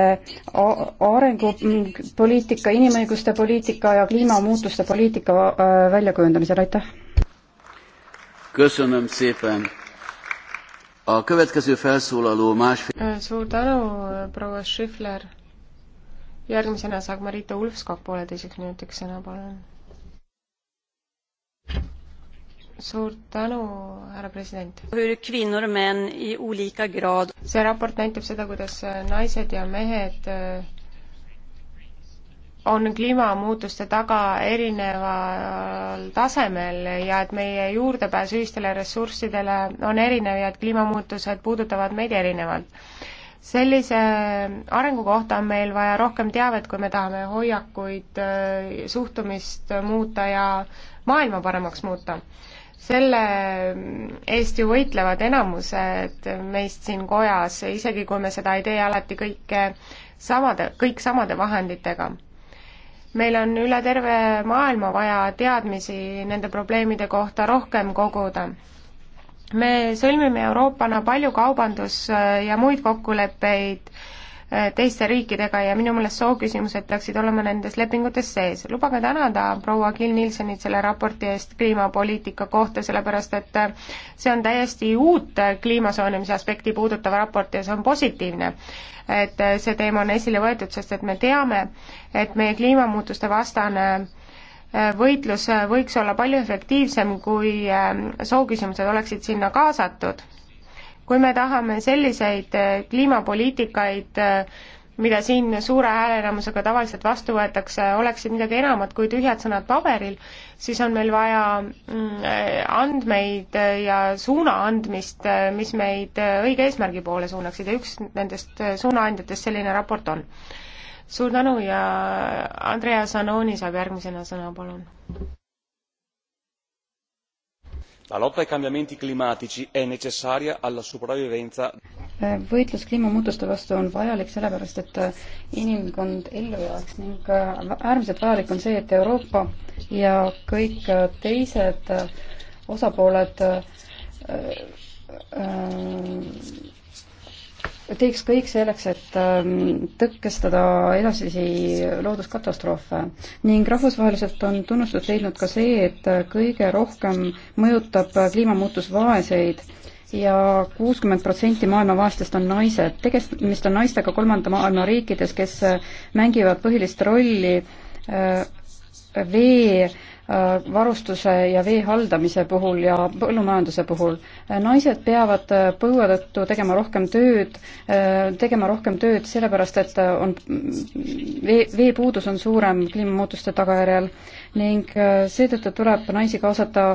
arengupoliitika, inimõiguste poliitika ja kliimamuutuste poliitika väljakujundamisel, aitäh! köszönöm szépen! A következő felszólaló másfél... Suur tänu, proua Schifler. Järgmisena saab Marita Ulfskog pooleteiseks minutiks sõna, palun. Suur tänu, härra president. Hur kvinnor och män i olika grad. see raport näitab seda, kuidas naised ja mehed on kliimamuutuste taga erineval tasemel ja et meie juurdepääs ühistele ressurssidele on erinev ja et kliimamuutused puudutavad meid erinevalt. sellise arengu kohta on meil vaja rohkem teavet, kui me tahame hoiakuid, äh, suhtumist muuta ja maailma paremaks muuta. selle eest ju võitlevad enamused meist siin kojas, isegi kui me seda ei tee alati kõike samade, kõik samade vahenditega meil on üle terve maailma vaja teadmisi nende probleemide kohta rohkem koguda. me sõlmime Euroopana palju kaubandus- ja muid kokkuleppeid Äh, teiste riikidega ja minu meelest sooküsimused peaksid olema nendes lepingutes sees. lubage tänada proua Gil Nilssonit selle raporti eest kliimapoliitika kohta, sellepärast et äh, see on täiesti uut kliima soojenemise aspekti puudutav raport ja see on positiivne, et äh, see teema on esile võetud, sest et me teame, et meie kliimamuutuste vastane võitlus võiks olla palju efektiivsem, kui sooküsimused oleksid sinna kaasatud kui me tahame selliseid äh, kliimapoliitikaid, äh, mida siin suure häälenemusega tavaliselt vastu võetakse, oleksid midagi enamat kui tühjad sõnad paberil, siis on meil vaja mm, äh, andmeid ja suuna andmist, mis meid õige eesmärgi poole suunaksid ja üks nendest suunaandjatest selline raport on. suur tänu ja Andrea Zanoni saab järgmisena sõna, palun la lotta ai cambiamenti climatici è necessaria alla sopravvivenza võitlus kliimamuutuste vastu on vajalik sellepärast, et inimkond ellu jääks ning äärmiselt vajalik on see, et Euroopa ja kõik teised osapooled äh, äh, teeks kõik selleks, et ähm, tõkestada edasisi looduskatastroofe. ning rahvusvaheliselt on tunnustust leidnud ka see, et kõige rohkem mõjutab kliimamuutus vaeseid ja kuuskümmend protsenti maailma vaestest on naised. tegemist on naistega kolmanda maailma riikides, kes mängivad põhilist rolli äh, vee Äh, varustuse ja vee haldamise puhul ja põllumajanduse puhul. naised peavad äh, põue tõttu tegema rohkem tööd, äh, tegema rohkem tööd sellepärast, et on vee, veepuudus on suurem kliimamuutuste tagajärjel ning seetõttu tuleb naisi kaasata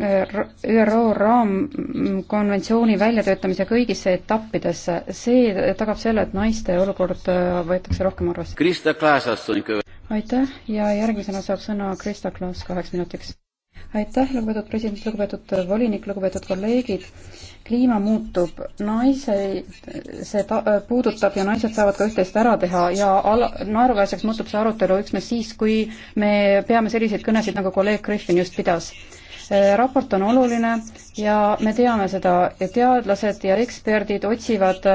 ÜRO raamkonventsiooni väljatöötamise kõigisse etappidesse. see tagab selle, et naiste olukord võetakse rohkem arvesse. Krista Klaas-Asson aitäh ja järgmisena saab sõna Krista Klaas kaheks minutiks. aitäh, lugupeetud president, lugupeetud volinik, lugupeetud kolleegid. kliima muutub, naise, see ta, puudutab ja naised saavad ka üht-teist ära teha ja ala, naeruväärseks muutub see arutelu üksnes siis, kui me peame selliseid kõnesid, nagu kolleeg Griffin just pidas see raport on oluline ja me teame seda ja teadlased ja eksperdid otsivad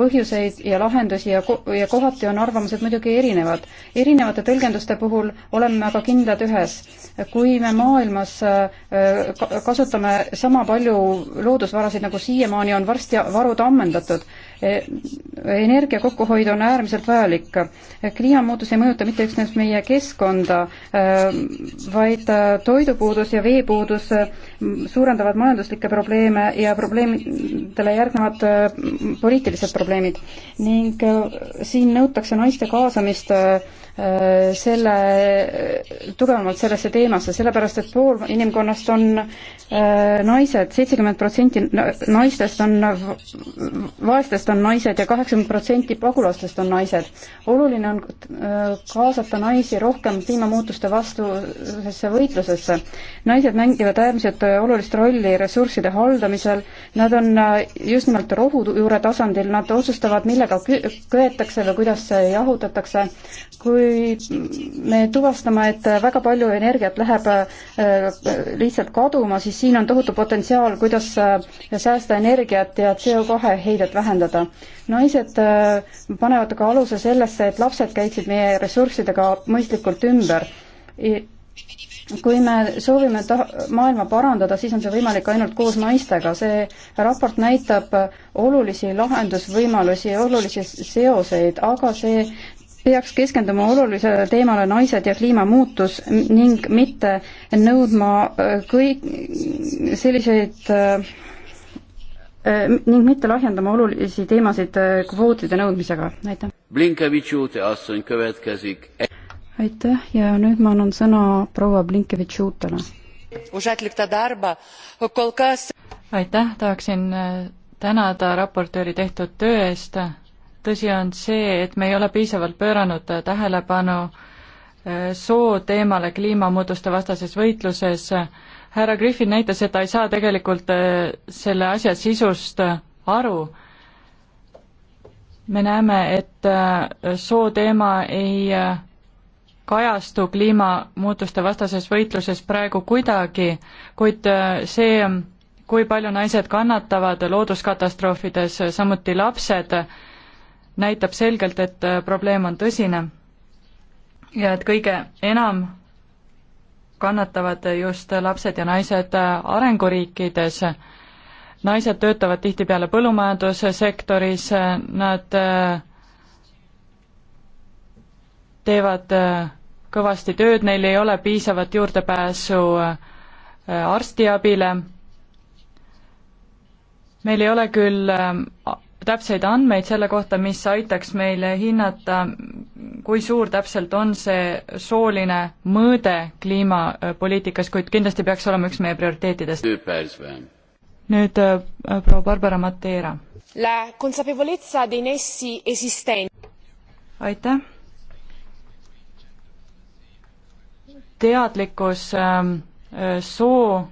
põhjuseid ja lahendusi ja, ko ja kohati on arvamused muidugi erinevad. erinevate tõlgenduste puhul oleme aga kindlad ühes. kui me maailmas äh, kasutame sama palju loodusvarasid, nagu siiamaani on varsti varud ammendatud energia kokkuhoid on äärmiselt vajalik. kliimamuutus ei mõjuta mitte üksnes meie keskkonda, äh, vaid äh, toidupuudus ja veepuudus äh, suurendavad majanduslikke probleeme ja probleemidele järgnevad poliitilised probleemid. ning siin nõutakse naiste kaasamist Äh, selle, tugevamalt sellesse teemasse, sellepärast et pool inimkonnast on äh, naised, seitsekümmend protsenti naistest on, vaestest on naised ja kaheksakümmend protsenti pagulastest on naised. oluline on äh, kaasata naisi rohkem kliimamuutuste vastusesse võitlusesse. naised mängivad äärmiselt olulist rolli ressursside haldamisel, nad on just nimelt rohujuure tasandil, nad otsustavad, millega köetakse või kuidas jahutatakse, kui kui me tuvastame, et väga palju energiat läheb äh, lihtsalt kaduma, siis siin on tohutu potentsiaal, kuidas äh, säästa energiat ja CO2 heidet vähendada. naised äh, panevad aga aluse sellesse, et lapsed käiksid meie ressurssidega mõistlikult ümber kui me soovime ta-, maailma parandada, siis on see võimalik ainult koos naistega, see raport näitab olulisi lahendusvõimalusi, olulisi seoseid, aga see peaks keskenduma olulisele teemale naised ja kliimamuutus ning mitte nõudma äh, kõik selliseid äh, äh, ning mitte lahjendama olulisi teemasid kvootide nõudmisega, aitäh. aitäh ja nüüd ma annan sõna proua Blinkevitš-Uutele. aitäh, tahaksin tänada raportööri tehtud töö eest tõsi on see, et me ei ole piisavalt pööranud tähelepanu äh, sooteemale kliimamuutuste vastases võitluses. härra Griffin näitas, et ta ei saa tegelikult äh, selle asja sisust äh, aru. me näeme, et sooteema ei kajastu kliimamuutuste vastases võitluses praegu kuidagi, kuid see, kui palju naised kannatavad looduskatastroofides, samuti lapsed, näitab selgelt, et äh, probleem on tõsine ja et kõige enam kannatavad just lapsed ja naised äh, arenguriikides. naised töötavad tihtipeale põllumajandussektoris, äh, nad teevad kõvasti tööd, neil ei ole piisavat juurdepääsu arstiabile. meil ei ole küll täpseid andmeid selle kohta, mis aitaks meile hinnata, kui suur täpselt on see sooline mõõde kliimapoliitikas, kuid kindlasti peaks olema üks meie prioriteetidest. nüüd äh, proua Barbara Matera. aitäh. teadlikkus ähm, äh, soo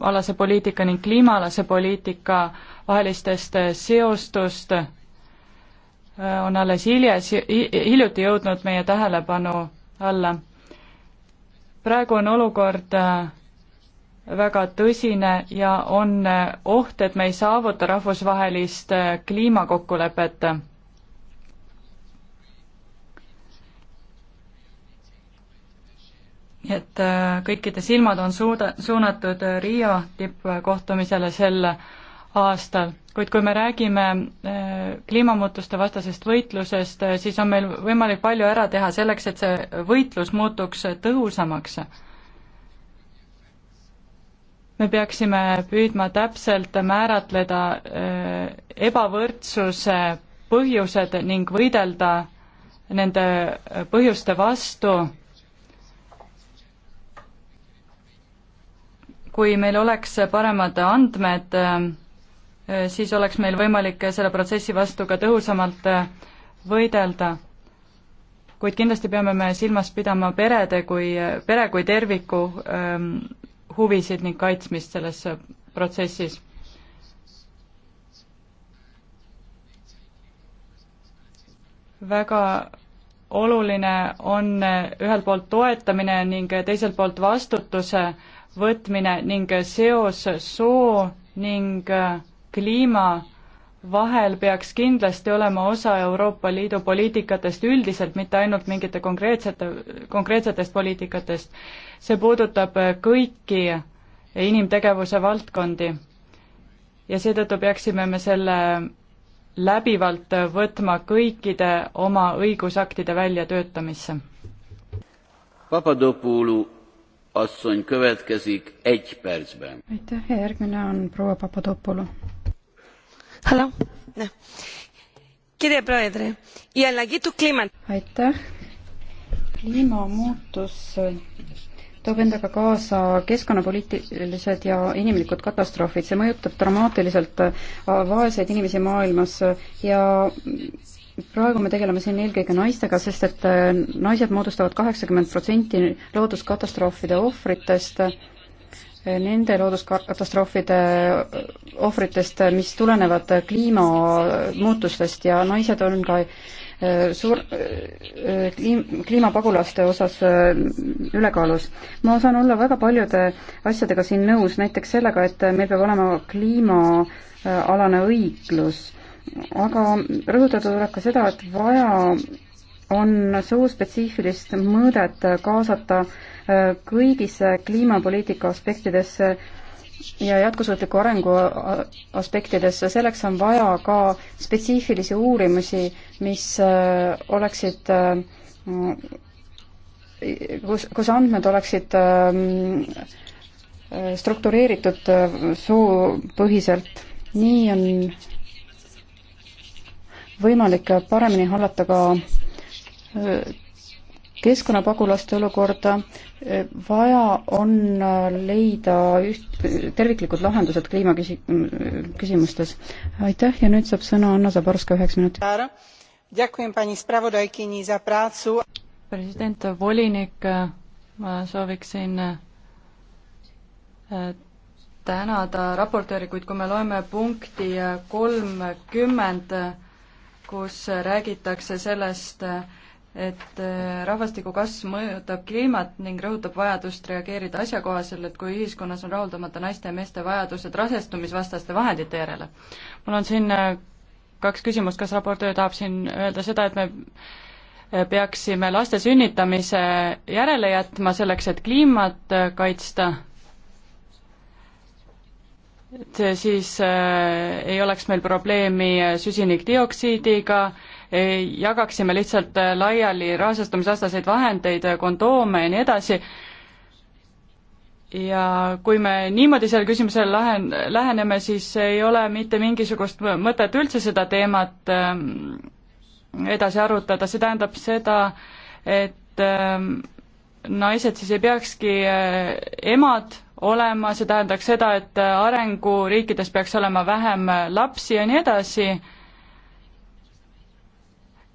alase poliitika ning kliimaalase poliitika vahelistest äh, seostust äh, on alles hiljas, hiljuti jõudnud meie tähelepanu alla. praegu on olukord äh, väga tõsine ja on oht, et me ei saavuta rahvusvahelist kliimakokkulepet nii et äh, kõikide silmad on suuda, suunatud äh, Riia tippkohtumisele sel aastal, kuid kui me räägime äh, kliimamuutuste vastasest võitlusest, siis on meil võimalik palju ära teha selleks, et see võitlus muutuks tõhusamaks. me peaksime püüdma täpselt määratleda ebavõrdsuse põhjused ning võidelda nende põhjuste vastu kui meil oleks paremad andmed, siis oleks meil võimalik selle protsessi vastu ka tõhusamalt võidelda. kuid kindlasti peame me silmas pidama perede kui, pere kui terviku ähm, huvisid ning kaitsmist selles protsessis. väga oluline on ühelt poolt toetamine ning teiselt poolt vastutuse äh, võtmine ning seos soo ning äh, kliima vahel peaks kindlasti olema osa Euroopa Liidu poliitikatest üldiselt, mitte ainult mingite konkreetsete, konkreetsetest poliitikatest. see puudutab äh, kõiki inimtegevuse valdkondi. ja seetõttu peaksime me selle läbivalt võtma kõikide oma õigusaktide väljatöötamisse. Papadopoulou asszony következik egy percben. Aitäh ja järgmine on proua Papadopoulou. Hello. Kirje proedre, η αλλαγή του κλίματος. Aitäh. Kliimamuutus toob endaga kaasa keskkonnapoliitilised ja inimlikud katastroofid, see mõjutab dramaatiliselt vaeseid inimesi maailmas ja praegu me tegeleme siin eelkõige naistega, sest et äh, naised moodustavad kaheksakümmend protsenti looduskatastroofide ohvritest, äh, nende looduskatastroofide äh, ohvritest, mis tulenevad kliimamuutustest ja naised on ka suur kliim, kliimapagulaste osas ülekaalus. ma saan olla väga paljude asjadega siin nõus, näiteks sellega, et meil peab olema kliimaalane õiglus aga rõhutada tuleb ka seda, et vaja on soospetsiifilist mõõdet kaasata äh, kõigisse kliimapoliitika aspektidesse ja jätkusuutliku arengu aspektidesse, selleks on vaja ka spetsiifilisi uurimusi, mis äh, oleksid, äh, kus, kus andmed oleksid ähm, struktureeritud soopõhiselt. nii on võimalik paremini hallata ka keskkonnapagulaste olukorda, vaja on leida üht, terviklikud lahendused kliimaküsi-, küsimustes. aitäh ja nüüd saab sõna Anna Zaborska üheks minutiks. president, volinik, ma sooviksin e, tänada raportööri, kuid kui me loeme punkti kolmkümmend 30..., kus räägitakse sellest, et äh, rahvastiku kasv mõjutab kliimat ning rõhutab vajadust reageerida asjakohaselt, kui ühiskonnas on rahuldamata naiste ja meeste vajadused rasestumisvastaste vahendite järele. mul on siin äh, kaks küsimust, kas raportöör tahab siin öelda seda, et me äh, peaksime laste sünnitamise järele jätma selleks, et kliimat kaitsta et siis äh, ei oleks meil probleemi süsinikdioksiidiga, jagaksime lihtsalt äh, laiali rahastumisvastaseid vahendeid, äh, kondoome ja nii edasi, ja kui me niimoodi sellele küsimusele lähen-, läheneme, siis ei ole mitte mingisugust mõtet üldse seda teemat äh, edasi arutada, see tähendab seda, et äh, naised siis ei peakski äh,, emad olema, see tähendaks seda, et arenguriikides peaks olema vähem lapsi ja nii edasi,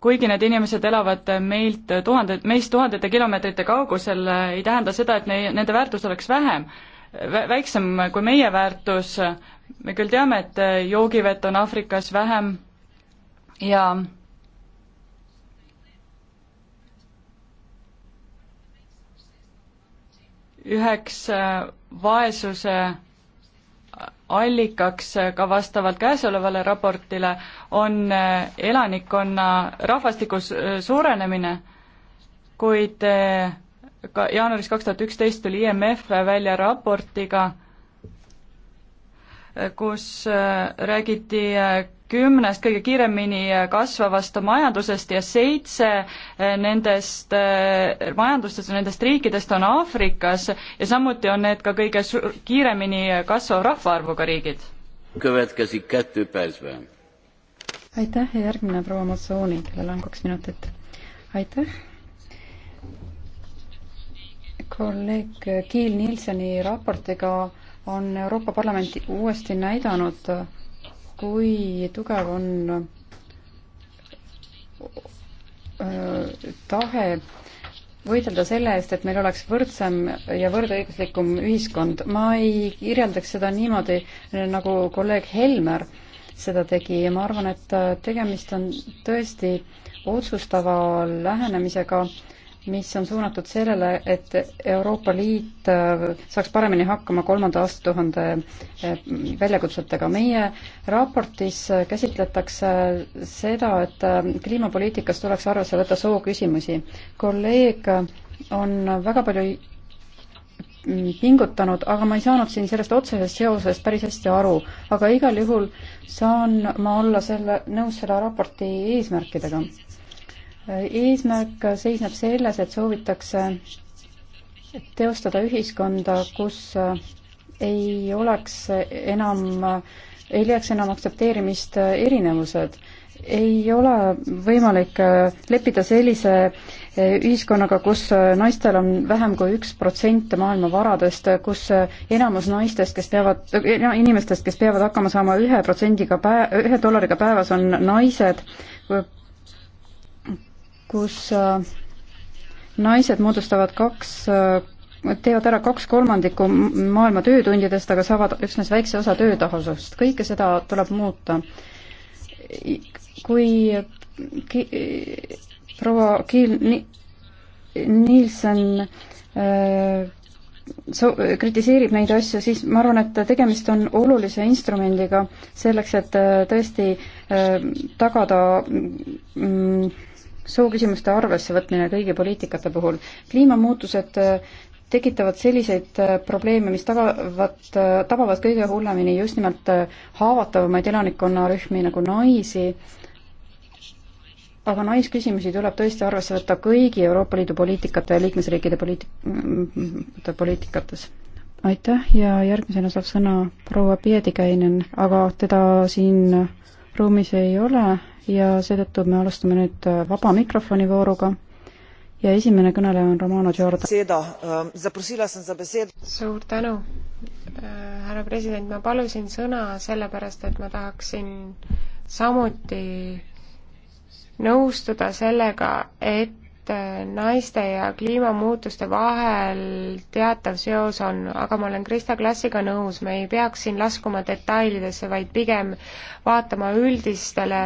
kuigi need inimesed elavad meilt tuhanded, meist tuhandete kilomeetrite kaugusel, ei tähenda seda, et nei-, nende väärtus oleks vähem, väiksem kui meie väärtus, me küll teame, et joogivett on Aafrikas vähem ja üheks vaesuse allikaks ka vastavalt käesolevale raportile on eh, elanikkonna rahvastiku eh, suurenemine, kuid eh, ka jaanuaris kaks tuhat üksteist tuli IMF välja raportiga, kus räägiti kümnest kõige kiiremini kasvavast majandusest ja seitse eh, nendest eh, majandustest, nendest riikidest on Aafrikas ja samuti on need ka kõige kiiremini kasvava rahvaarvuga riigid. aitäh ja järgmine proua Matsooni, kellel on kaks minutit. aitäh kolleeg Kiil Nielseni raportiga on Euroopa Parlament uuesti näidanud, kui tugev on tahe võidelda selle eest, et meil oleks võrdsem ja võrdõiguslikum ühiskond. ma ei kirjeldaks seda niimoodi, nagu kolleeg Helmer seda tegi ja ma arvan, et tegemist on tõesti otsustava lähenemisega äh, mis on suunatud sellele, et Euroopa Liit äh, saaks paremini hakkama kolmanda aastatuhande äh, väljakutsetega. meie raportis äh, käsitletakse seda, et kliimapoliitikas tuleks arvesse võtta sooküsimusi. kolleeg on väga palju mm, pingutanud, aga ma ei saanud siin sellest otsesest seosest päris hästi aru. aga igal juhul saan ma olla selle, nõus selle raporti eesmärkidega eesmärk seisneb selles, et soovitakse teostada ühiskonda, kus ei oleks enam, ei leiaks enam aktsepteerimist erinevused ei ole võimalik leppida sellise ühiskonnaga, kus naistel on vähem kui üks protsent maailma varadest, kus enamus naistest, kes peavad, inimestest, kes peavad hakkama saama ühe protsendiga päev, ühe dollariga päevas, on naised, kus äh, naised moodustavad kaks, äh, teevad ära kaks kolmandikku maailma töötundidest, aga saavad üksnes väikse osa töötasusest. kõike seda tuleb muuta. kui ki, proua Kiil ni, Nielsen öö, äh, so-, kritiseerib neid asju, siis ma arvan, et tegemist on olulise instrumendiga selleks, et tõesti tagada mm, sooküsimuste arvessevõtmine kõigi poliitikate puhul. kliimamuutused äh, tekitavad selliseid äh, probleeme, mis tagavad, äh, tabavad kõige hullemini just nimelt haavatavamaid elanikkonnarühmi nagu naisi, aga naisküsimusi tuleb tõesti arvesse võtta kõigi Euroopa Liidu poliitikate ja liikmesriikide poliitik-, mm, mm, poliitikates. aitäh ja järgmisena saab sõna proua Piedikäinen, aga teda siin ruumis ei ole, ja seetõttu me alustame nüüd äh, vaba mikrofoni vooruga ja esimene kõneleja on Romano Jordan. Äh, suur tänu, äh, härra president, ma palusin sõna sellepärast, et ma tahaksin samuti nõustuda sellega, et et äh, naiste ja kliimamuutuste vahel teatav seos on, aga ma olen Krista Klassiga nõus, me ei peaks siin laskuma detailidesse, vaid pigem vaatama üldistele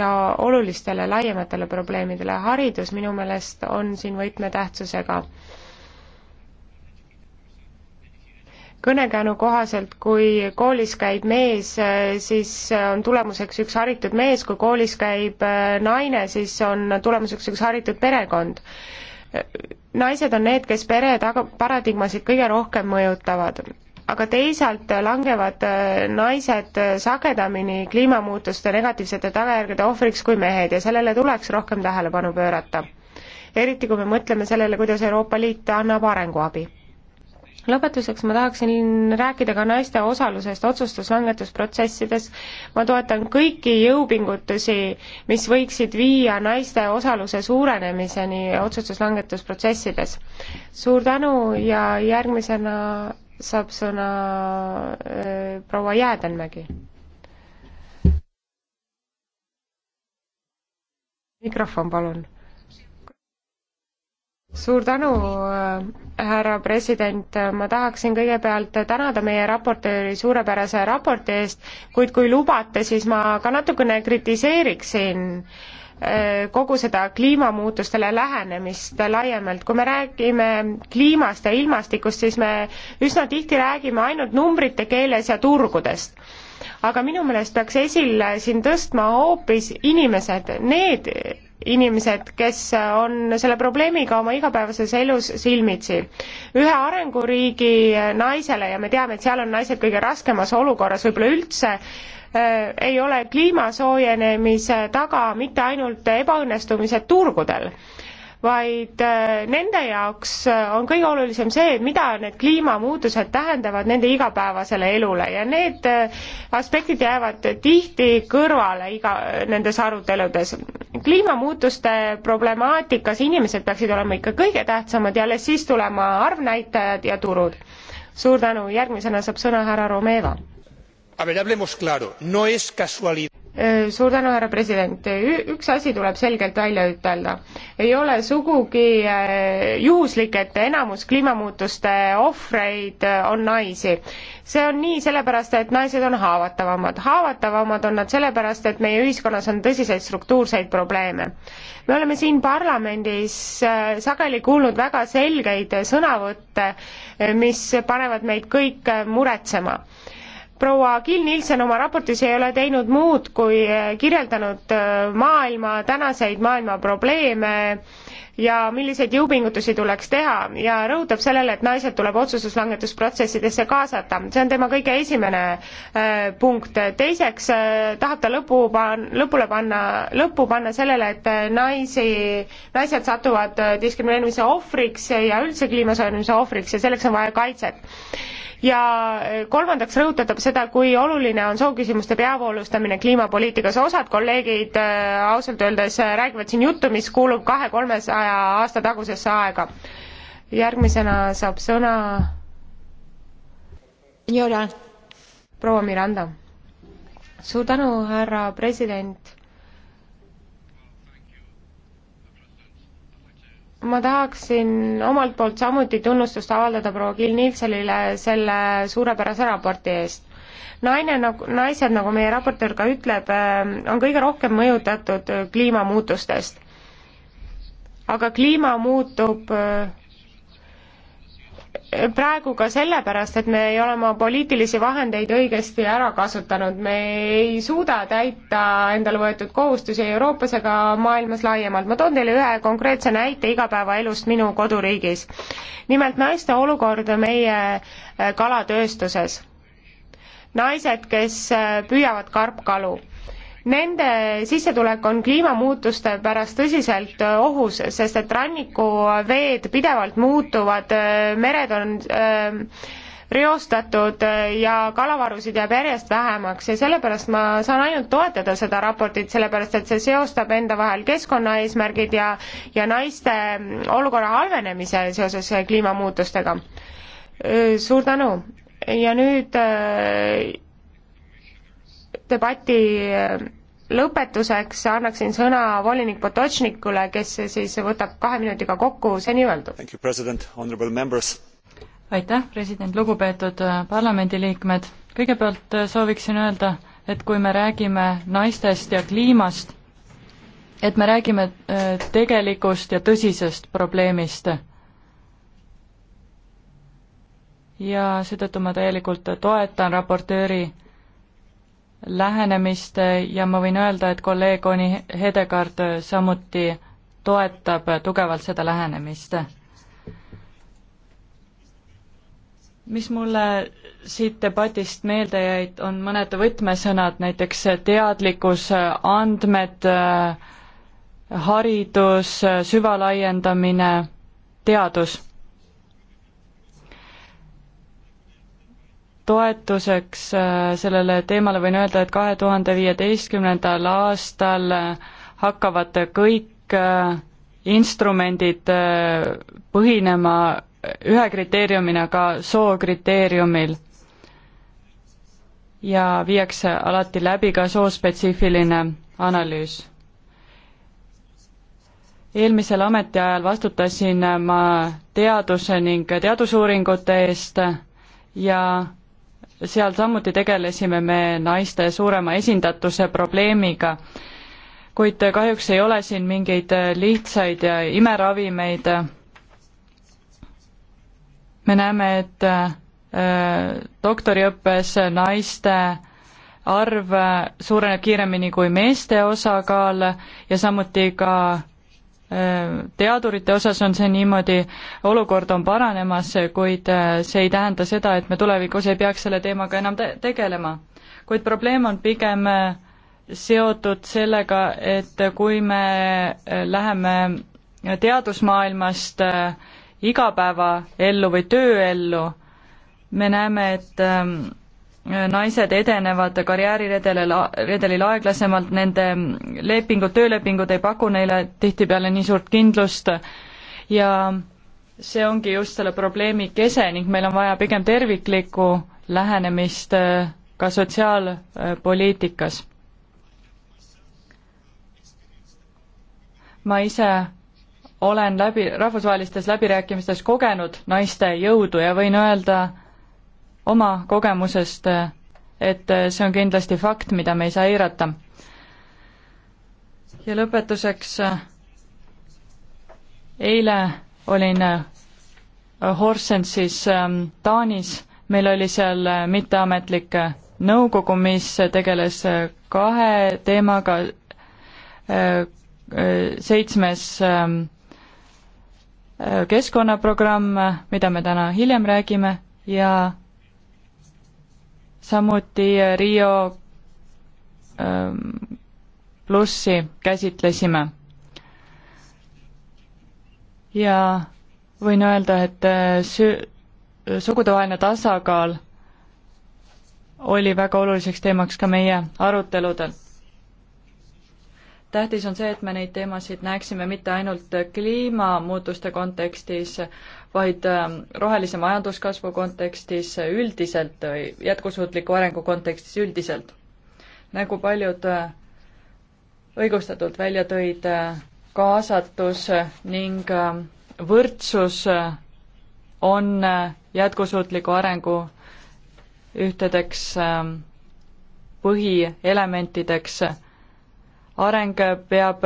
ja olulistele laiematele probleemidele. haridus minu meelest on siin võtmetähtsusega kõnekäänu kohaselt, kui koolis käib mees, siis on tulemuseks üks haritud mees, kui koolis käib äh, naine, siis on tulemuseks üks haritud perekond. naised on need, kes pere taga, paradigmasid kõige rohkem mõjutavad aga teisalt langevad äh, naised äh, sagedamini kliimamuutuste negatiivsete tagajärgede ohvriks kui mehed ja sellele tuleks rohkem tähelepanu pöörata. eriti kui me mõtleme sellele, kuidas Euroopa Liit annab arenguabi lõpetuseks ma tahaksin rääkida ka naiste osalusest otsustuslangetusprotsessides. ma toetan kõiki jõupingutusi, mis võiksid viia naiste osaluse suurenemiseni otsustuslangetusprotsessides. suur tänu ja järgmisena saab sõna äh, proua Jäädenmägi. mikrofon palun suur tänu, äh, härra president, ma tahaksin kõigepealt tänada meie raportööri suurepärase raporti eest, kuid kui lubate, siis ma ka natukene kritiseeriksin äh, kogu seda kliimamuutustele lähenemist laiemalt, kui me räägime kliimast ja ilmastikust, siis me üsna tihti räägime ainult numbrite keeles ja turgudest aga minu meelest peaks esile siin tõstma hoopis inimesed, need inimesed, kes on selle probleemiga oma igapäevases elus silmitsi. ühe arenguriigi naisele ja me teame, et seal on naised kõige raskemas olukorras võib-olla üldse, äh, ei ole kliima soojenemise taga mitte ainult ebaõnnestumised turgudel vaid äh, nende jaoks äh, on kõige olulisem see, mida need kliimamuutused tähendavad nende igapäevasele elule ja need äh, aspektid jäävad tihti kõrvale iga, nendes aruteludes. kliimamuutuste problemaatikas inimesed peaksid olema ikka kõige tähtsamad ja alles siis tulema arvnäitajad ja turud. suur tänu, järgmisena saab sõna härra Romeva no es casualidad eh, suur tänu, härra president. üks asi tuleb selgelt välja ütelda. ei ole sugugi äh, juhuslik, et enamus kliimamuutuste ohvreid äh, on naisi. see on nii sellepärast, et naised on haavatavamad. haavatavamad on nad sellepärast, et meie ühiskonnas on tõsiseid struktuurseid probleeme. me oleme siin parlamendis äh, sageli kuulnud väga selgeid sõnavõtte, mis panevad meid kõik muretsema proua Gil Nielsen oma raportis ei ole teinud muud, kui eh, kirjeldanud eh, maailma, tänaseid maailma probleeme ja milliseid jõupingutusi tuleks teha ja rõhutab sellele, et naised tuleb otsustuslangetusprotsessidesse kaasata. see on tema kõige esimene eh, punkt. teiseks tahab ta lõpu pan-, lõpule panna, lõppu panna sellele, et naisi, naised satuvad diskrimineerimise ohvriks ja üldse kliima soojenemise ohvriks ja selleks on vaja kaitset ja kolmandaks rõhutab seda, kui oluline on sooküsimuste peavoolustamine kliimapoliitikas. osad kolleegid äh, ausalt öeldes äh, räägivad siin juttu, mis kuulub kahe-kolmesaja aasta tagusesse aega. järgmisena saab sõna proua Miranda. suur tänu, härra president ma tahaksin omalt poolt samuti tunnustust avaldada proua Gil Nielsenile selle suurepärase raporti eest. naine nagu, naised, nagu meie raportöör ka ütleb, äh, on kõige rohkem mõjutatud kliimamuutustest. aga kliima muutub äh, praegu ka sellepärast, et me ei ole oma poliitilisi vahendeid õigesti ära kasutanud, me ei suuda täita endale võetud kohustusi Euroopas ega maailmas laiemalt. ma toon teile ühe konkreetse näite igapäevaelust minu koduriigis. nimelt naiste olukord meie eh, kalatööstuses. naised, kes eh, püüavad karpkalu Nende sissetulek on kliimamuutuste pärast tõsiselt ohus, sest et rannikuveed pidevalt muutuvad, mered on öö, ähm, reostatud ja kalavarusid jääb järjest vähemaks ja sellepärast ma saan ainult toetada seda raportit, sellepärast et see seostab enda vahel keskkonnaeesmärgid ja, ja naiste olukorra halvenemise seoses kliimamuutustega. Äh, suur tänu ja nüüd äh, debati lõpetuseks annaksin sõna volinik Potočnikule, kes siis võtab kahe minutiga kokku seni öeldu. aitäh, president, lugupeetud äh, parlamendiliikmed, kõigepealt äh, sooviksin öelda, et kui me räägime naistest ja kliimast, et me räägime äh, tegelikust ja tõsisest probleemist. ja seetõttu ma täielikult toetan raportööri lähenemist ja ma võin öelda, et kolleeg Oni Hedegaard samuti toetab tugevalt seda lähenemist. mis mulle siit debatist meelde jäid, on mõned võtmesõnad, näiteks teadlikkus, andmed, haridus, süvalaiendamine, teadus toetuseks äh, sellele teemale võin öelda, et kahe tuhande viieteistkümnendal aastal äh, hakkavad kõik äh, instrumendid põhinema ühe kriteeriumina ka sookriteeriumil ja viiakse alati läbi ka soospetsiifiline analüüs. eelmisel ametiajal vastutasin ma teaduse ning teadusuuringute eest ja seal samuti tegelesime me naiste suurema esindatuse probleemiga. kuid kahjuks ei ole siin mingeid lihtsaid imeravimeid. me näeme, et äh, doktoriõppes naiste arv suureneb kiiremini kui meeste osakaal ja samuti ka teadurite osas on see niimoodi, olukord on paranemas, kuid äh, see ei tähenda seda, et me tulevikus ei peaks selle teemaga enam te tegelema. kuid probleem on pigem äh, seotud sellega, et kui me äh, läheme teadusmaailmast igapäevaellu või tööellu, me näeme, et ähm, naised edenevad karjääriredelil, redelil aeglasemalt, nende lepingud, töölepingud ei paku neile tihtipeale nii suurt kindlust ja see ongi just selle probleemi kese ning meil on vaja pigem terviklikku lähenemist äh, ka sotsiaalpoliitikas. ma ise olen läbi, rahvusvahelistes läbirääkimistes kogenud naiste jõudu ja võin öelda, oma kogemusest, et see on kindlasti fakt, mida me ei saa eirata. ja lõpetuseks, eile olin Horsensis ähm, Taanis, meil oli seal mitteametlik nõukogu, mis tegeles kahe teemaga, äh, seitsmes ähm, keskkonnaprogramm, mida me täna hiljem räägime, ja samuti Rio ähm, plussi käsitlesime. ja võin öelda, et äh, süü-, sugudevaheline tasakaal oli väga oluliseks teemaks ka meie aruteludel. tähtis on see, et me neid teemasid näeksime mitte ainult kliimamuutuste kontekstis, vaid ähm, rohelise majanduskasvu kontekstis äh, üldiselt või äh, jätkusuutliku arengu kontekstis üldiselt. nagu paljud äh, õigustatult välja tõid, kaasatus ning ähm, võrdsus on jätkusuutliku arengu ühtedeks ähm, põhielementideks. areng peab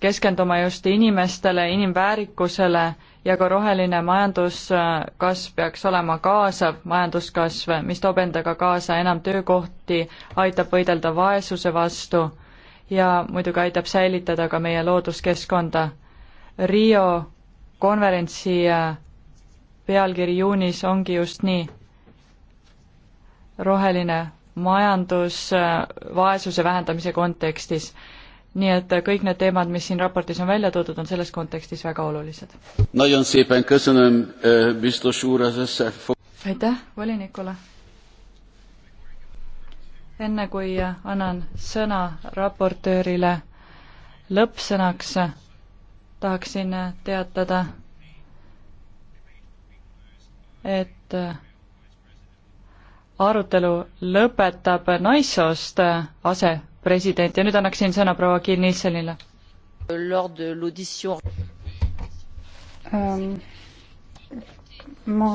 keskenduma just inimestele, inimväärikusele ja ka roheline majanduskasv peaks olema kaasav majanduskasv, mis toob endaga kaasa enam töökohti, aitab võidelda vaesuse vastu ja muidugi aitab säilitada ka meie looduskeskkonda. Rio konverentsi äh, pealkiri juunis ongi just nii, roheline majandus äh, vaesuse vähendamise kontekstis nii et äh, kõik need teemad, mis siin raportis on välja toodud, on selles kontekstis väga olulised. aitäh volinikule! enne kui äh, annan sõna raportöörile lõppsõnaks, tahaksin äh, teatada, et arutelu lõpetab naissoost ase president ja nüüd annaksin sõna proua Kiir Nilssonile. Ähm, ma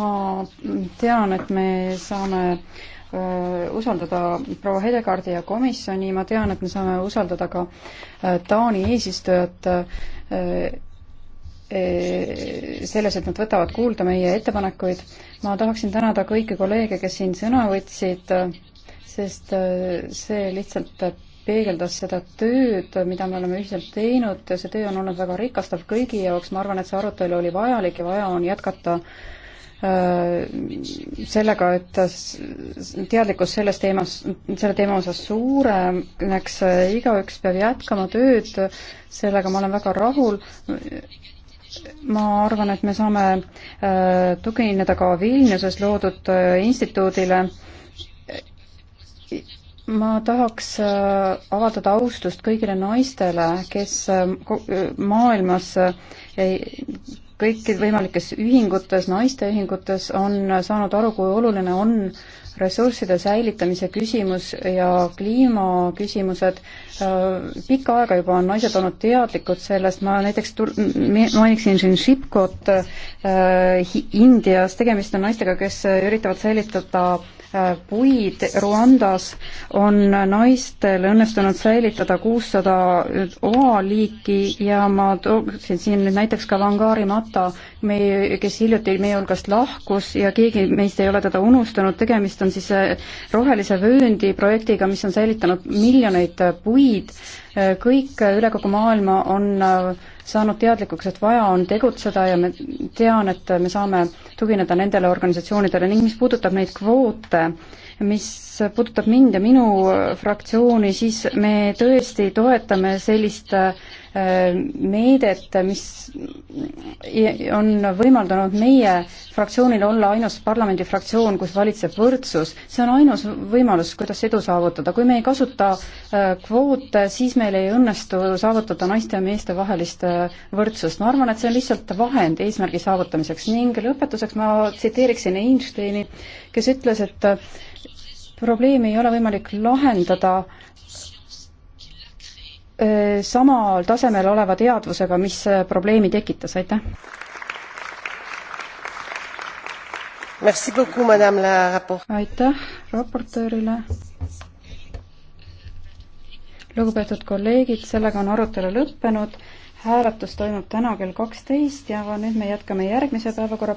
tean, et me saame äh, usaldada proua Hedegaardi ja komisjoni, ma tean, et me saame usaldada ka äh, Taani eesistujat äh, e, selles, et nad võtavad kuulda meie ettepanekuid. ma tahaksin tänada kõiki kolleege, kes siin sõna võtsid, sest see lihtsalt peegeldas seda tööd, mida me oleme ühiselt teinud, see töö on olnud väga rikastav kõigi jaoks, ma arvan, et see arutelu oli vajalik ja vaja on jätkata äh, sellega, et teadlikkus selles teemas, selle teema osas suureneks, igaüks peab jätkama tööd, sellega ma olen väga rahul, ma arvan, et me saame äh, tugineda ka Vilniuses loodud äh, instituudile ma tahaks äh, avaldada austust kõigile naistele, kes äh, äh, maailmas kõikides võimalikes ühingutes, naisteühingutes on saanud aru, kui oluline on ressursside säilitamise küsimus ja kliimaküsimused. pikka aega juba on naised olnud teadlikud sellest, ma näiteks tul-, mainiksin siin Shipcot äh, Indias, tegemist on naistega, kes üritavad säilitada äh, Äh, puid Ruandas on naistel õnnestunud säilitada kuussada oaliiki ja ma tooksin siin nüüd näiteks ka Vangari Mata, meie, kes hiljuti meie hulgast lahkus ja keegi meist ei ole teda unustanud, tegemist on siis äh, rohelise vööndi projektiga, mis on säilitanud miljoneid puid, äh, kõik üle kogu maailma on saanud teadlikuks, et vaja on tegutseda ja me tean, et me saame tugineda nendele organisatsioonidele ning mis puudutab neid kvoote, mis puudutab mind ja minu fraktsiooni, siis me tõesti toetame sellist äh, meedet, mis on võimaldanud meie fraktsioonil olla ainus parlamendifraktsioon, kus valitseb võrdsus. see on ainus võimalus, kuidas edu saavutada. kui me ei kasuta äh, kvoote, siis meil ei õnnestu saavutada naiste ja meeste vahelist äh, võrdsust. ma arvan, et see on lihtsalt vahend eesmärgi saavutamiseks ning lõpetuseks ma tsiteeriksin Einsteini, kes ütles, et probleemi ei ole võimalik lahendada samal tasemel oleva teadvusega, mis probleemi tekitas, aitäh. aitäh raportöörile. lugupeetud kolleegid, sellega on arutelu lõppenud. hääletus toimub täna kell kaksteist ja nüüd me jätkame järgmise päevakorra